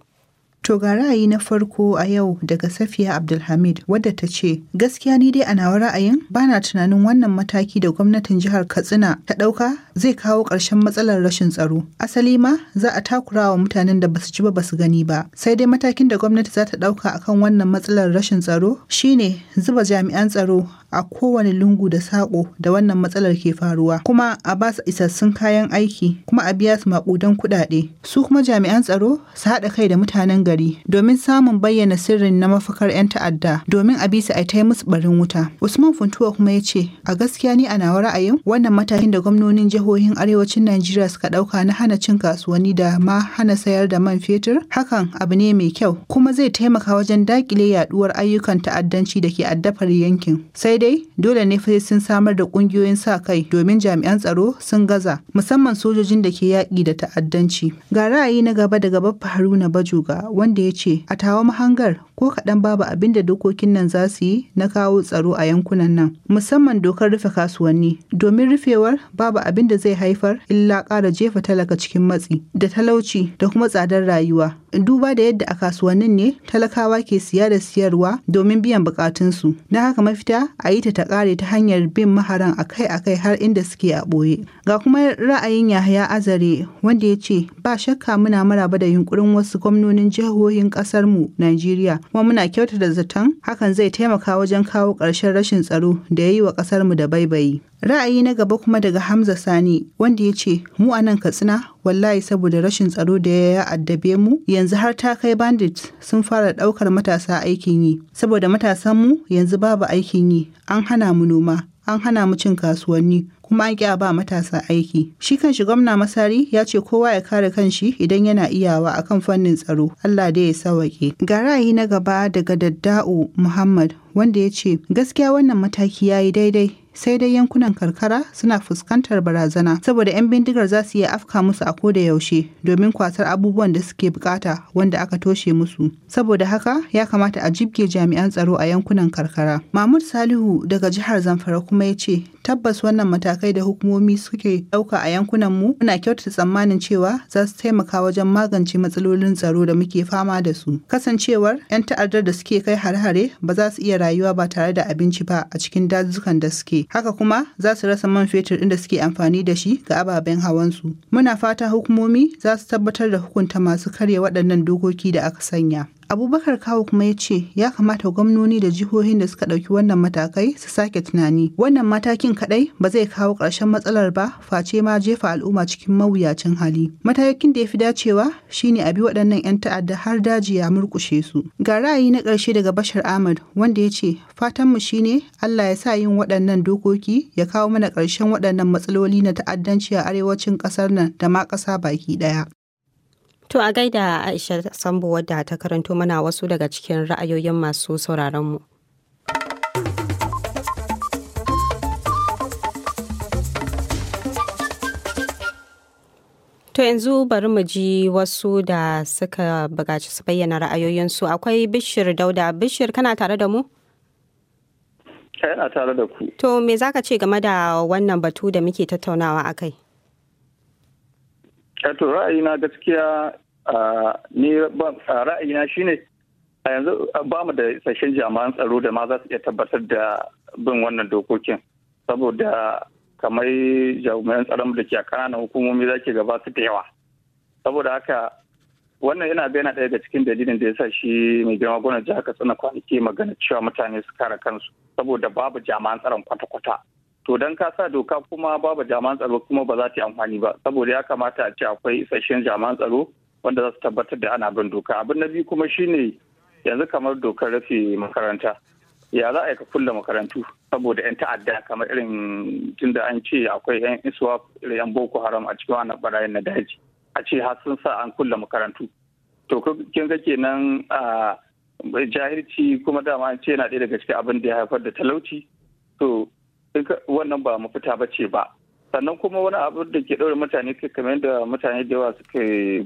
To ga ra'ayi na farko a yau daga Safiya Abdulhamid wadda ta ce gaskiya ni dai a nawa ra'ayin bana tunanin wannan mataki da gwamnatin jihar Katsina ta ɗauka zai kawo ƙarshen matsalar rashin tsaro. Asali ma za a takura wa mutanen da basu ci ba basu gani ba. Sai dai matakin da gwamnati za ta ɗauka akan wannan matsalar rashin tsaro shine zuba jami'an tsaro a kowane lungu da saƙo da wannan matsalar ke faruwa kuma a ba su isassun kayan aiki kuma a biya su maƙudan kuɗaɗe su kuma jami'an tsaro su haɗa kai da mutanen gari domin samun bayyana sirrin na mafakar 'yan ta'adda domin a bisa a ta musu barin wuta usman funtuwa kuma ya ce a gaskiya ni a nawa ra'ayin wannan matakin da gwamnonin jihohin arewacin najeriya suka ɗauka na hana cin kasuwanni da ma hana sayar da man fetur hakan abu ne mai kyau kuma zai taimaka wajen daƙile yaɗuwar ayyukan ta'addanci da ke addafar yankin sai sai dole ne fa sun samar da ƙungiyoyin sa kai domin jami'an tsaro sun gaza musamman sojojin da ke yaƙi da ta'addanci. Ga ra'ayi na gaba da babba Haruna Bajuga wanda ya ce a tawa mahangar ko kaɗan babu abin da dokokin nan za su yi na kawo tsaro a yankunan nan musamman dokar rufe kasuwanni domin rufewar babu abin da zai haifar illa ƙara jefa talaka cikin matsi da talauci da kuma tsadar rayuwa duba da yadda a kasuwannin ne talakawa ke siya da siyarwa domin biyan bukatunsu na haka mafita a yi ta ta ƙare ta hanyar bin maharan akai-akai har inda suke a ɓoye. Ga kuma ra'ayin Yahaya Azare wanda ya ce ba shakka muna maraba da yunkurin wasu gwamnonin jihohin ƙasar mu Najeriya kuma muna kyautata zaton hakan zai taimaka wajen kawo ƙarshen rashin tsaro da ya yi wa ƙasar mu da baibayi. Ra'ayi na gaba kuma daga Hamza Sani wanda ya ce mu a nan Katsina wallahi saboda rashin tsaro da ya addabe mu yanzu har ta kai bandit sun fara ɗaukar matasa aikin yi saboda matasan mu yanzu babu aikin yi an hana mu noma an hana mu cin kasuwanni kuma an ƙi ba matasa aiki. Shi kanshi gwamna Masari ya ce kowa ya kare kanshi idan yana iyawa a kan fannin tsaro. Allah da ya sawaƙe. Ga ra'ayi na gaba daga Dadda'u Muhammad wanda ya ce gaskiya wannan mataki ya yi daidai sai dai yankunan karkara suna fuskantar barazana saboda 'yan bindigar za su iya afka musu a koda yaushe domin kwasar abubuwan da suke bukata wanda aka toshe musu saboda haka ya kamata a jibge jami'an tsaro a yankunan karkara mahmud salihu daga jihar zamfara kuma ya ce Tabbas wannan matakai da hukumomi suke ɗauka a yankunan mu. muna kyautata tsammanin cewa za su taimaka wajen magance matsalolin tsaro da muke fama da su. Kasancewar 'yan ta'addar da suke kai hare-hare ba za su iya rayuwa ba tare da abinci ba a cikin dazukan da suke. Haka kuma za su rasa man fetur ɗin da suke amfani da shi ga ababen hawansu. Muna fata hukumomi za su tabbatar da hukunta masu karya waɗannan dokoki da aka sanya. abubakar kawo kuma ya ce ya kamata gwamnoni da jihohin da suka ɗauki wannan matakai su sake tunani wannan matakin kaɗai ba zai kawo ƙarshen matsalar ba face ma jefa al'umma cikin mawuyacin hali matakin da ya fi dacewa shine a bi waɗannan 'yan ta'adda har daji ya murƙushe su ga ra'ayi na ƙarshe daga bashar ahmad wanda ya ce fatanmu shine allah ya sa yin waɗannan dokoki ya kawo mana ƙarshen waɗannan matsaloli na ta'addanci a arewacin ƙasar nan da ma ƙasa baki ɗaya To a gaida Aisha Sambo wadda ta karanto mana wasu daga cikin ra'ayoyin masu sauraronmu. To yanzu bari mu ji wasu da suka bugaci su bayyana ra'ayoyinsu akwai Bishir Dauda. Bishir kana tare da mu? na tare da ku. To me za ka ce game da wannan batu da muke tattaunawa akai? ra'ayi eh, ra'ayina gaskiya ni ra'ayina shine a yanzu ba mu da isasshen jami'an tsaro da ma za su iya tabbatar da bin wannan dokokin saboda kamar jami'an tsaron da ke a kananan hukumomi za ke gaba su da yawa saboda haka wannan yana bayyana daya da cikin dalilin da ya sa shi mai girma gwamnati jihar katsina kwanaki magana cewa mutane su kare kansu saboda babu jami'an tsaron kwata-kwata to dan ka sa doka kuma babu jaman tsaro kuma ba za ta yi amfani ba saboda ya kamata a ce akwai isasshen jaman tsaro wanda za su tabbatar da ana bin doka abin na biyu kuma shine yanzu kamar dokar rufe makaranta ya za a yi ka kulle makarantu saboda 'yan ta'adda kamar irin tunda an ce akwai 'yan irin 'yan boko haram a cikin wani barayin na daji a ce har sun sa an kulle makarantu to kin ga kenan jahilci kuma dama an ce yana ɗaya daga cikin abin da ya haifar da talauci to wannan ba mafita ba ce ba sannan kuma wani abu da ke ɗaure mutane kai kamar yadda mutane da yawa suka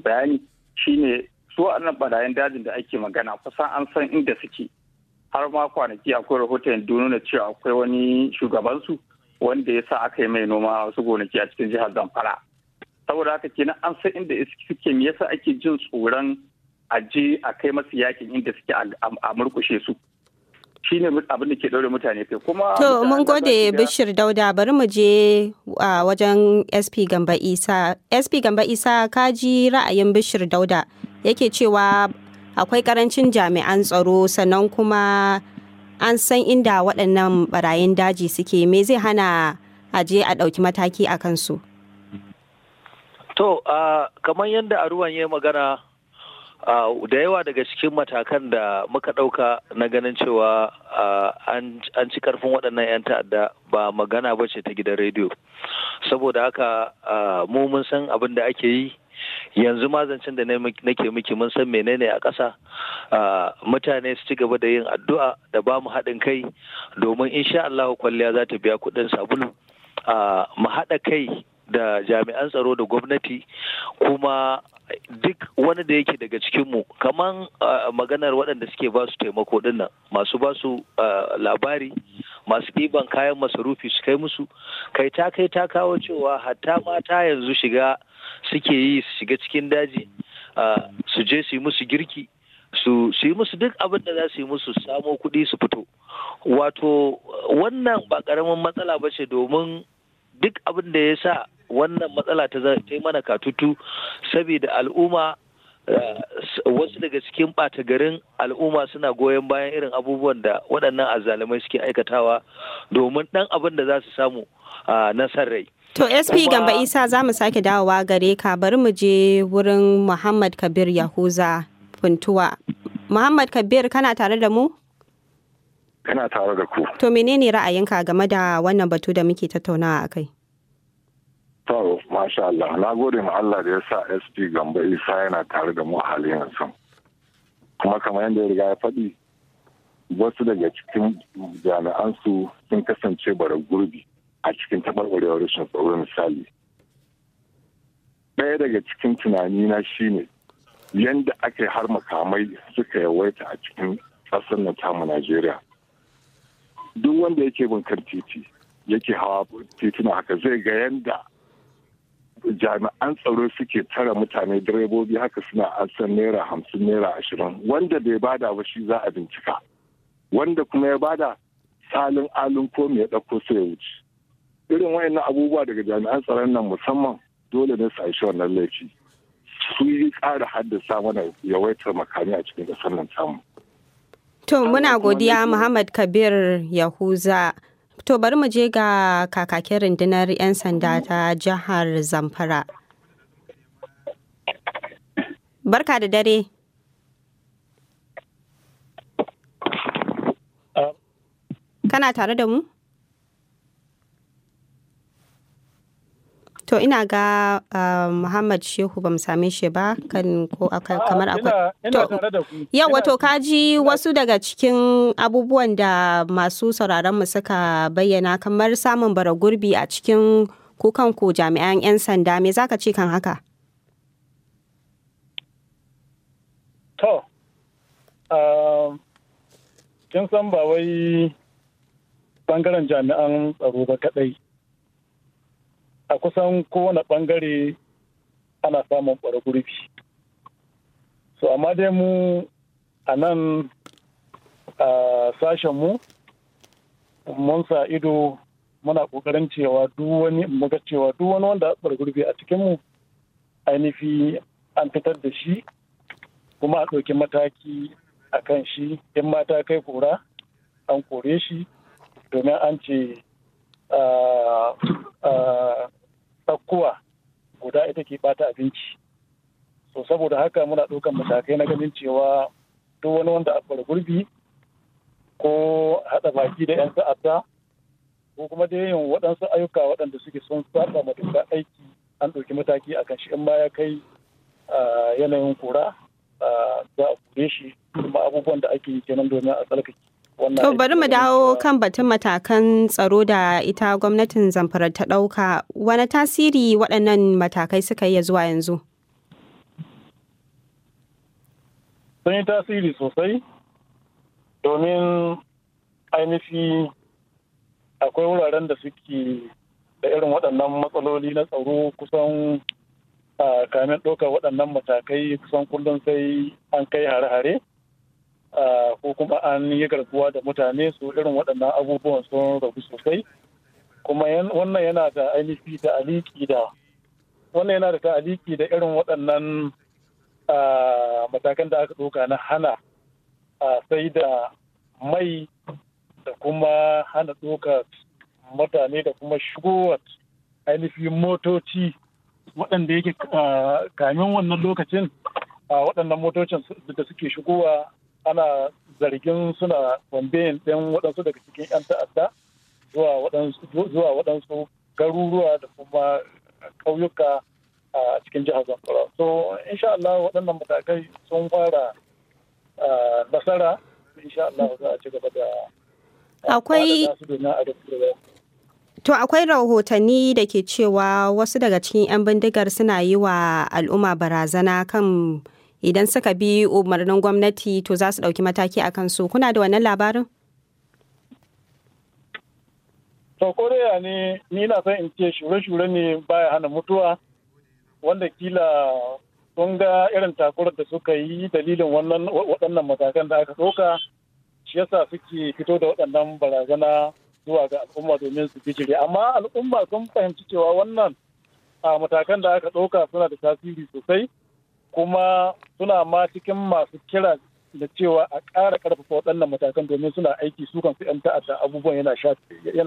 bayani shine su waɗannan barayin dajin da ake magana kusan an san inda suke har ma kwanaki akwai rahoton da nuna cewa akwai wani shugaban su wanda ya sa aka yi mai noma wasu gonaki a cikin jihar zamfara saboda haka kenan an san inda suke me yasa ake jin tsoron a je a kai masu yakin inda suke a murkushe su shine abin da ke ɗaure mutane kai kuma to mun gode bishir dauda bari mu je a wajen sp gamba isa sp gamba isa ka ji ra'ayin bishir dauda yake cewa akwai karancin jami'an tsaro sannan kuma an san inda waɗannan barayin daji suke me zai hana a je a ɗauki mataki a kansu to kamar yadda a ruwan ya magana da yawa daga cikin matakan da muka ɗauka na ganin cewa an ci karfin waɗannan 'yan ta'adda ba magana ba ce ta gidan rediyo saboda haka mu mun san abin da ake yi yanzu mazancin da nake miki mun san menene a ƙasa mutane su ci gaba da yin addu'a da ba mu haɗin kai domin insha Allah kwalliya za ta biya kuɗin sabulu mu haɗa kai da jami'an tsaro da gwamnati kuma duk wani da yake daga cikinmu kaman maganar waɗanda suke ba su taimako dinnan masu ba su labari masu ɗiban kayan masarufi su kai musu kai ta kai ta kawo cewa hatta mata yanzu shiga suke yi su shiga cikin daji su je su yi musu girki su yi musu duk abin da za su yi musu samo kuɗi su fito wato wannan ba ƙaramin matsala ba ce domin duk abin da ya sa wannan matsala ta yi mana katutu saboda al'umma eh, wasu daga cikin ɓata garin al'umma suna goyon bayan irin abubuwan da waɗannan azzalumai suke aikatawa domin ɗan abin da za su samu na san rai. To SP Gamba Isa za mu sake dawowa gare ka bari mu je wurin Muhammad Kabir Yahuza Funtuwa. Muhammad Kabir kana tare da mu? Kana tare da ku. To menene ra'ayinka game da wannan batu da muke tattaunawa a kai? To, masha Allah, na gode ma Allah da ya sa SP Gambo Isa yana tare da mu a halin yanzu. Kuma kamar yadda ya riga ya faɗi, wasu daga cikin jami'ansu sun kasance bara gurbi a cikin taɓarɓarewar rashin tsaro misali. Ɗaya daga cikin tunani tunanina shine yadda ake har makamai suka yawaita a cikin ƙasar na tamu Najeriya. Duk wanda yake bin kan titi, yake hawa tituna haka zai ga yadda jami'an tsaro suke tara mutane direbobi haka suna san naira hamsin naira ashirin wanda bai bada ba shi za a bincika wanda kuma ya bada salin alin ko mai ɗauko sai ya wuce irin wayannan abubuwa daga jami'an tsaron nan musamman dole ne su aishi wannan laifi su yi ƙara haddasa mana yawaitar makami a cikin ƙasar nan samu. to muna godiya muhammad kabir yahuza To bari mu je ga kakakin rundunar 'yan sanda mhm. ta jihar Zamfara. Barka da dare. Ah. Kana tare da mu? To ina ga uh, Muhammad Shehu ba same shi ba kan ko aka ah, kamar akwai. kaji wasu daga cikin abubuwan da masu sauraron mu suka bayyana kamar samun bara gurbi a cikin ku kanku jami'an 'yan sanda me zaka ce kan haka? To, ah, kin san ba wai bangaren jami'an tsaro ba kadai. a kusan kowane bangare ana samun ɓara so amma dai mu a nan a sashen mu mun sa ido muna ƙoƙarin cewa duk wani muga cewa duk wani wanda a gurbi a cikin mu ainihi an fitar da shi kuma a ɗauki mataki a kan shi in mata kai kora an kore shi domin an ce tsakuwa guda ita ke bata abinci so saboda haka muna ɗaukan matakai na ganin cewa duk wani wanda a gurbi ko haɗa baki da 'yan ta'adda ko kuma dai yin waɗansu ayyuka waɗanda suke sun saba ma doka aiki an ɗauki mataki a shi in ma ya kai yanayin kura za a kure shi kuma abubuwan da ake yi kenan domin a tsarkake To bari mu dawo kan batun matakan tsaro da ita gwamnatin zamfara ta ɗauka wani tasiri waɗannan matakai suka yi zuwa yanzu? Sun yi tasiri sosai domin ainihi akwai wuraren da suke da irin waɗannan matsaloli na tsaro kusan ah, kamin ɗaukar waɗannan matakai kusan kullum sai an kai hare-hare ko kuma an yi garkuwa da mutane su irin waɗannan abubuwan sun rabu sosai kuma wannan yana da ainihi da aliki da wannan yana da ta'aliki da irin waɗannan matakan da aka ɗauka na hana sai da mai da kuma hana ɗaukar mutane da kuma shigowar ainihin motoci waɗanda yake kamin wannan lokacin waɗannan motocin da suke shigowa ana zargin suna kwambeyin ɗin waɗansu daga cikin 'yan ta'adda zuwa waɗansu garuruwa da kuma ƙauyuka a cikin jihar zamfara so insha Allah waɗannan matakai sun fara nasara insha Allah za a ci gaba da akwai To akwai rahotanni da ke cewa wasu daga cikin 'yan bindigar suna yi wa al'umma barazana kan idan suka bi umarnin gwamnati to za su ɗauki mataki a kansu kuna da wannan labarin? to koreya ne ni na san in ce shure-shure ne baya hana mutuwa wanda kila sun ga irin takurar da suka yi dalilin waɗannan matakan da aka ɗauka shi yasa suke fito da waɗannan barazana zuwa ga al'umma domin su bijire amma al'umma sun fahimci cewa wannan matakan da aka ɗauka suna da tasiri sosai kuma suna ma cikin masu kira da cewa a ƙara ƙarfafa waɗannan matakan domin suna aiki su kansu 'yan ta'adda abubuwan yana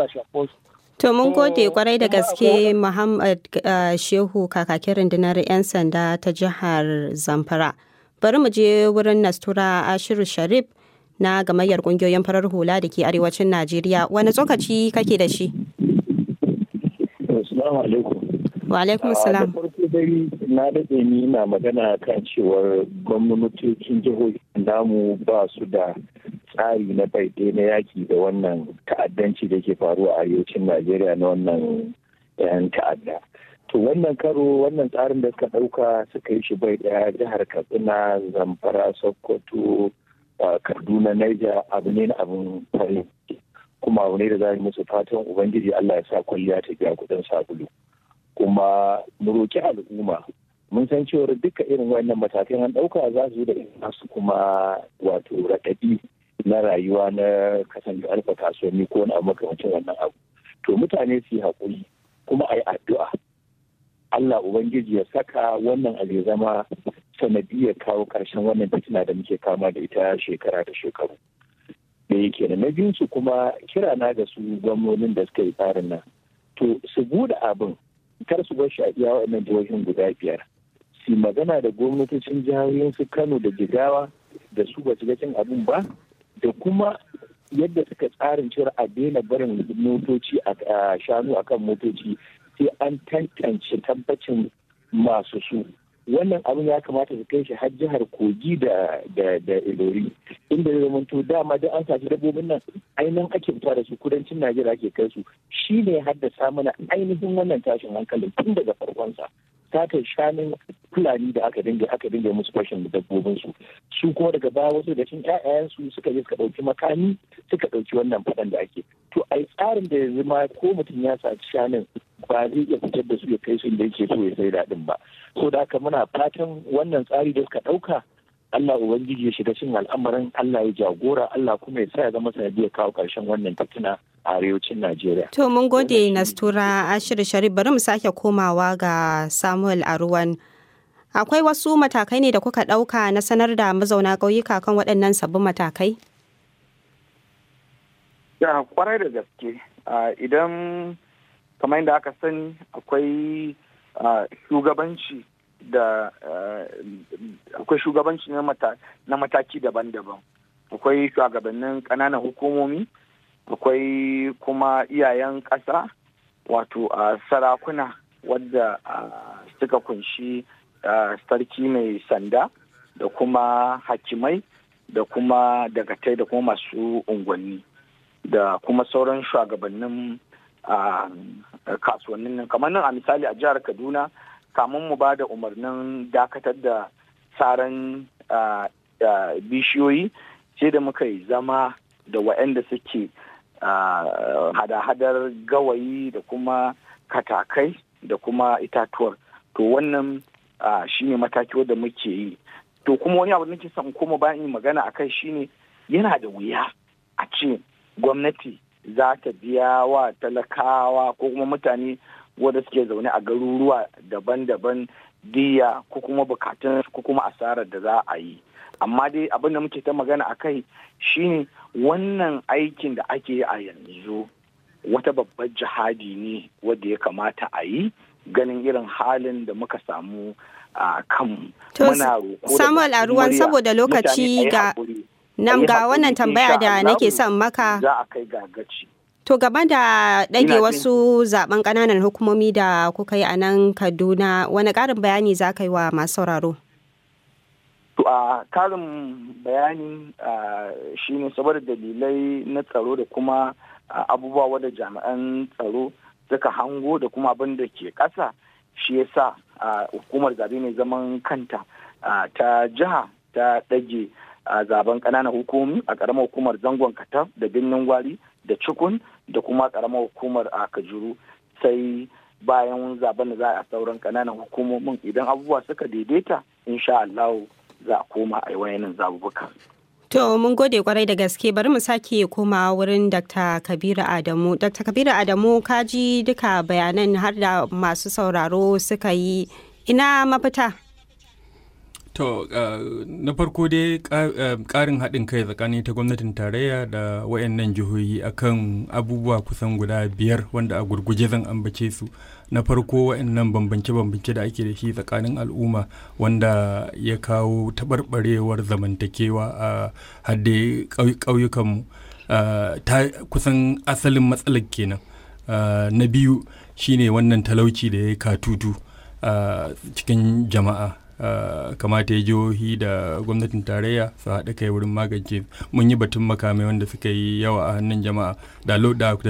shafo su. To mun gode kwarai da gaske Muhammad Shehu kakakin rundunar 'yan sanda ta jihar Zamfara. Bari mu je wurin Nastura Ashiru Sharif na gamayyar kungiyoyin farar hula da ke arewacin Najeriya. Wani tsokaci kake da shi? Wa alaikum salam. farko dai na daɗe ni na magana kan cewar gwamnatocin jihohi namu ba su da tsari na bai na yaki da wannan ta'addanci da ke faruwa a arewacin Najeriya na wannan 'yan ta'adda. to wannan karo wannan tsarin da suka ɗauka suka yi shi bai ɗaya jihar katsina zamfara sokoto kaduna naija abu ne na abin fari kuma abu ne da za musu fatan ubangiji allah ya sa kwalliya ta biya kuɗin sabulu kuma mu roki al'umma mun san cewar duka irin wannan matakan an ɗauka za su da nasu kuma wato raɗaɗi na rayuwa na kasance alfa kasuwanni ko na makamacin wannan abu to mutane su yi haƙuri kuma a yi addu'a Allah Ubangiji ya saka wannan abu zama sanadiyar kawo karshen wannan fitina da muke kama da ita shekara da shekaru da yake na su kuma kira na ga su gwamnonin da suka yi tsarin nan to su buɗe abin kar su bar shi a iya wa'annan jihohin guda biyar su magana da gwamnatocin jihohin su kano da jigawa da su ba cin abin ba da kuma yadda suka tsarin cewa a daina barin motoci a shanu akan motoci sai an tantance tabbacin masu su wannan abin ya kamata su kai shi har jihar kogi da da ilori inda ya to dama da an sace dabbobin nan ainihin ake fita da su kudancin najeriya ake kai su shi ne haddasa mana ainihin wannan tashin hankali tun daga farkonsa satar shanun fulani da aka dinga aka dinga musu kwashin da dabbobin su su kuma daga baya wasu da cin ƴaƴayen su suka je suka ɗauki makami suka ɗauki wannan faɗan da ake to ai tsarin da yanzu ma ko mutum ya saci shanun ba zai iya fitar da su ya kai su inda yake so ya sai daɗin ba so da haka muna fatan wannan tsari da suka ɗauka Allah Ubangiji ya shiga cin al'amarin Allah ya jagora Allah kuma ya sa ya zama sanadiyar kawo karshen wannan fitina a arewacin Najeriya. To mun gode Nastura Ashir Sharif bari mu sake komawa ga Samuel ruwan. Akwai wasu matakai ne da kuka ɗauka na sanar da mazauna ƙauyuka kan waɗannan sabbin matakai? Ya kwarai da gaske idan kamar yadda aka sani akwai shugabanci da eh, akwai shugabanci na mataki daban-daban akwai shugabannin ƙananan hukumomi akwai kuma iyayen ƙasa wato a sarakuna wadda suka kunshi sarki mai sanda da kuma hakimai da kuma dagatai da kuma masu unguwanni da kuma sauran shugabannin kasuwannin nan kamar nan a misali a jihar kaduna kamun mu ba da umarnin dakatar da tsaron bishiyoyi sai da muka yi zama da waɗanda suke hada-hadar gawayi da kuma katakai da kuma itatuwar to wannan shine mataki wanda muke yi to kuma wani abu nake son koma bayan magana a kai shi ne yana da wuya a ce gwamnati za ta biya wa talakawa ko kuma mutane wanda suke zaune a garuruwa daban-daban diya ko kuma bukatun ko kuma asarar da za a yi amma dai abin da muke ta magana a kai shine wannan aikin da ake yi a yanzu wata babbar jihadi ne wadda ya kamata a yi ganin irin halin da muka samu a kan muna samuwar a saboda lokaci ga nam ga wannan tambaya da nake son maka za a kai gagaci To gaba da ɗage wasu zaben ƙananan hukumomi da kuka yi a nan Kaduna, wani ƙarin bayani za ka yi wa masu sauraro? To a ƙarin bayani shi ne saboda dalilai na tsaro da kuma abubuwa da jami'an tsaro suka hango da kuma abin da ke ƙasa shi yasa hukumar zabe mai zaman kanta ta jiha ta ɗage zaben ƙananan hukumomi a ƙaramar hukumar zangon katar da birnin gwari da cikun da kuma karamar hukumar a kajuru sai bayan zaben da za a sauran kananan hukumomin idan abubuwa suka daidaita insha Allah za a koma a wayanin zabubuka. To mun gode kwarai da gaske bari mu sake koma wurin Dr. Kabiru Adamu. Dr. Kabiru Adamu ka ji duka bayanan har da masu sauraro suka yi ina mafita. To, uh, na farko dai um, ƙarin haɗin kai tsakanin ta gwamnatin tarayya da wayannan jihohi akan abubuwa kusan guda biyar wanda a gurguje zan ambace su. Na farko wayannan bambance-bambance da ake da shi tsakanin al'umma wanda ya kawo taɓarɓarewar zamantakewa a hadde ƙauyukanmu uh, kusan asalin matsalar kenan. Uh, na biyu shine wannan talauci da ya yi katutu cikin jama'a. Eh, kamata ya jihohi da gwamnatin tarayya su haɗa kai wurin magance mun yi batun makamai wanda suka yi yawa a hannun jama'a da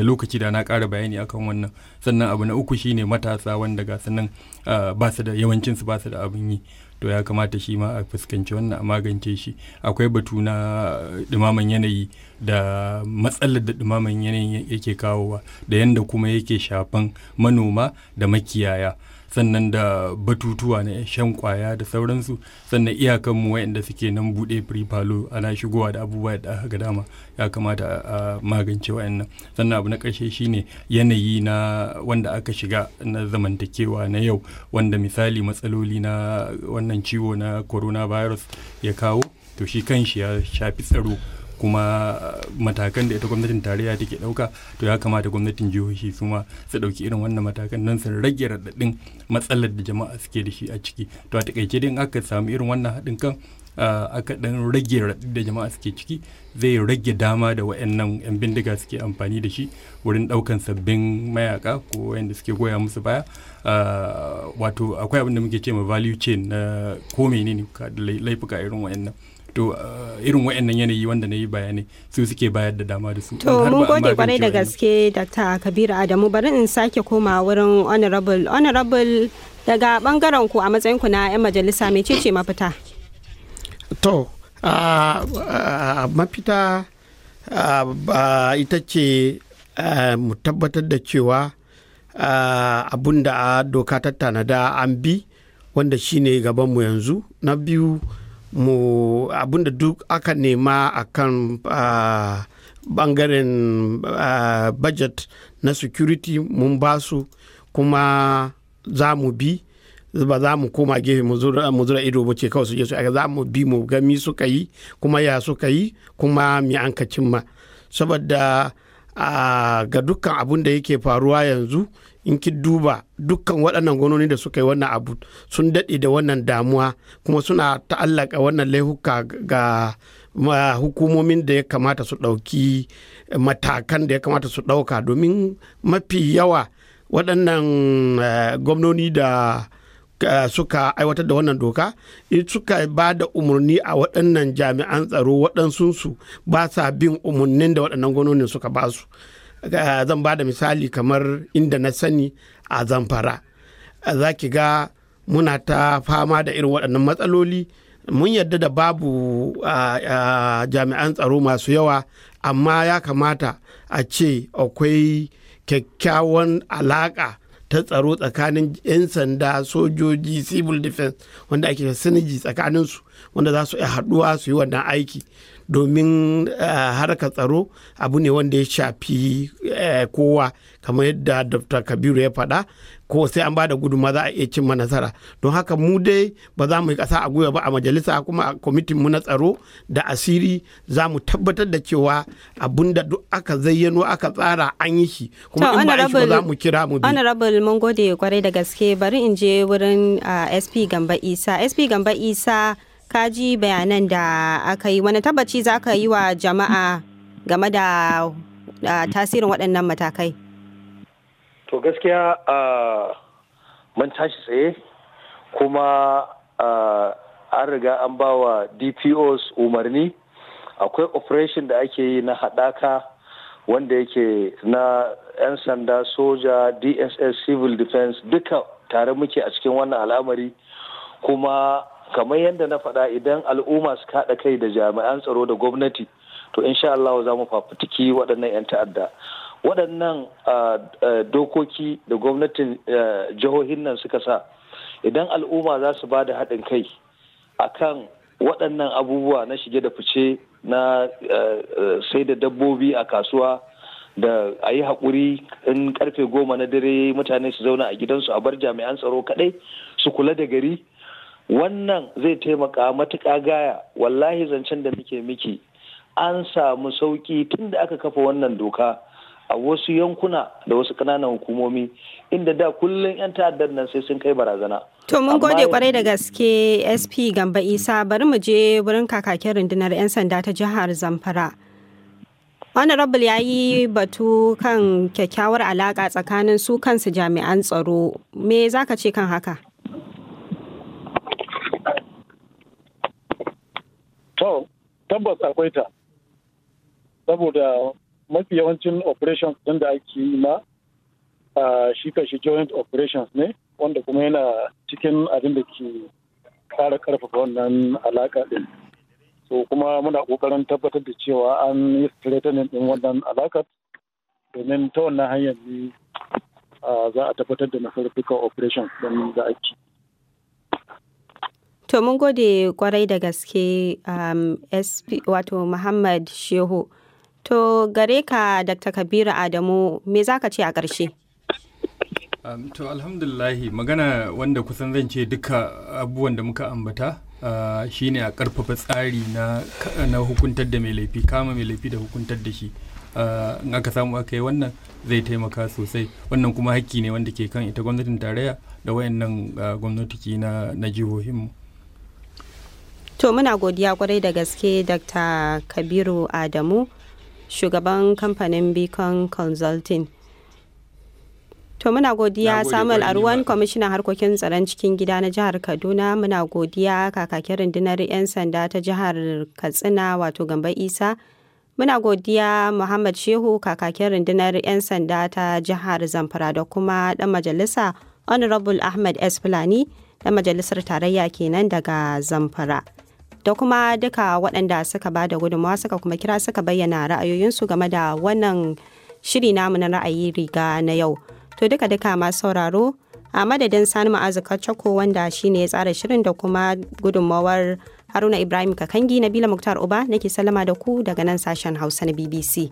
lokaci da na ƙara bayani akan wannan sannan abu na uku shine matasa wanda ga sannan eh, ba su da yawancin su ba su da abin yi to ya kamata shi ma a fuskanci wannan a magance shi akwai batu na dumaman yanayi da matsalar da dumaman yanayi yake kawowa da yanda kuma yake shafan manoma da makiyaya sannan da batutuwa na shan kwaya da sauransu sannan iyakan mu wayanda suke nan buɗe free ana shigowa da abubuwa da aka ga dama ya kamata a magance wayannan sannan abu na karshe shine yanayi na wanda aka shiga na zamantakewa na yau wanda misali matsaloli na wannan ciwo na coronavirus ya kawo to shi kanshi ya shafi tsaro kuma matakan da ita gwamnatin tarayya take ɗauka to ya kamata gwamnatin jihohi su ma su ɗauki irin wannan matakan don su rage raɗaɗin matsalar da jama'a suke da shi a ciki to a takaice din aka samu irin wannan haɗin kan aka ɗan rage raɗi da jama'a suke ciki zai rage dama da waɗannan 'yan bindiga suke amfani da shi wurin ɗaukan sabbin mayaka ko wanda suke goya musu baya wato akwai abin da muke ce ma value chain na ko menene laifuka irin waannan to uh, irin waɗannan yanayi wanda na yi bayani su suke bayar da dama da su to mun gode kwarai da gaske dr kabiru adamu bari in sake koma wurin honorable honorable daga bangaren ku a matsayin ku na yan majalisa mai cece mafita to mafita ita ce mu tabbatar da cewa abun da doka ta tanada an bi wanda shine gabanmu yanzu na biyu mu abinda duk aka nema a kan bangaren budget na security mun ba su kuma za mu bi ba za mu koma gefe mu zura ido ba ce kawai su je su za mu bi mu gami suka yi kuma ya suka yi kuma mi an ka cimma saboda ga dukkan abin da yake faruwa yanzu in ki duba dukkan waɗannan gononi da suka yi wannan abu sun daɗe da wannan damuwa kuma suna ta'allaka wannan laihuka ga hukumomin da ya kamata su ɗauki matakan da ya kamata su ɗauka domin mafi yawa waɗannan eh, gwamnoni da eh, suka aiwatar da wannan doka in suka ba da umarni a waɗannan jami'an tsaro waɗansunsu ba sa bin umarnin da waɗannan gwamnoni suka ba su zan ba da misali kamar inda na sani a zamfara za ki ga muna ta fama da irin waɗannan matsaloli mun yadda da babu jami'an tsaro masu yawa amma ya kamata a ce akwai kyakkyawan alaƙa ta tsaro tsakanin 'yan sanda sojoji civil defense wanda ake siniji tsakaninsu wanda za su haɗuwa su yi wannan aiki domin eh, harkar tsaro abu ne wanda ya shafi eh, kowa kamar yadda dr kabiru ya faɗa ko sai an ba da guduma za a iya cimma nasara don haka mu dai ba za mu yi ƙasa a gwiwa ba a majalisa kuma a kwamitin mu na tsaro da asiri za mu tabbatar da cewa abun da duk aka zayyano aka tsara an yi shi kuma in ba shi ba za mu kira mu bi. honorable mun gode kwarai da gaske bari in je wurin eh, sp gamba isa sp gamba isa ka ji bayanan da aka yi wani tabbaci za ka yi wa jama'a game da tasirin waɗannan matakai to gaskiya mun tashi tsaye kuma an riga an ba wa dpos umarni akwai operation da ake yi na haɗaka wanda yake na 'yan sanda soja dss civil defense duka tare muke a cikin wannan al'amari kuma kamar yadda na faɗa idan al'umma su kaɗa kai da jami'an tsaro da gwamnati to insha Allah za mu fafutuki waɗannan 'yan ta'adda waɗannan dokoki da gwamnatin jihohin nan suka sa idan al'umma za su ba da haɗin kai akan waɗannan abubuwa na shige da fice na sai da dabbobi a kasuwa da a yi haƙuri in karfe goma na dare mutane su zauna a gidansu a bar jami'an tsaro kaɗai su kula da gari wannan zai taimaka matuƙa gaya wallahi zancen da muke miki an samu sauƙi tun da aka kafa wannan doka a wasu yankuna da wasu ƙananan hukumomi inda da kullum 'yan ta'addar nan sai sun kai barazana. To mun gode kwarai da gaske SP Gamba Isa bari mu je wurin kakakin rundunar 'yan sanda ta jihar Zamfara. rabul ya yi batu kan kyakkyawar alaƙa tsakanin su kansu jami'an tsaro me zaka ce kan haka To, tabbas akwai ta. Saboda mafi yawancin operations din da ake yi ma shi kashi joint operations ne wanda kuma yana cikin abin da ke kara karfafa wannan alaka din. So kuma muna kokarin tabbatar da cewa an yi straightening din wannan alaka domin ta wannan hanyar ne za a tabbatar da nasarar duka operations din da ake. To mun gode kwarai da gaske um, SP wato Muhammad Shehu. To gare ka Dr. Kabiru Adamu me za ka ce a ƙarshe? Um, to alhamdulillahi magana wanda kusan zan ce duka abubuwan da muka ambata uh, shine a ƙarfafa tsari na, na hukuntar da mai laifi kama mai laifi da hukuntar da shi. Uh, in aka samu aka yi wannan zai taimaka sosai wannan kuma hakki ne wanda ke kan ita gwamnatin tarayya da wayannan uh, gwamnati na, na jihohinmu. to muna godiya kwarai da gaske dr kabiru adamu shugaban kamfanin beacon consulting to muna godiya samuel arwan kwamishinan harkokin tsaron cikin gida na jihar kaduna muna godiya kakakin rundunar 'yan sanda ta jihar katsina wato gamba isa muna godiya muhammad shehu kakakin rundunar 'yan sanda ta jihar zamfara da kuma ɗan majalisa honorable ahmed s fulani majalisar tarayya kenan daga zamfara da kuma duka waɗanda suka ba da gudunmawa suka kuma kira suka bayyana ra'ayoyinsu game da wannan shiri namu na ra'ayi riga na yau to duka duka masu sauraro a madadin sani ma'azu kacako wanda shine ya tsara shirin da kuma gudunmawar haruna ibrahim kakangi nabila muktar uba nake salama da ku daga nan sashen hausa na bbc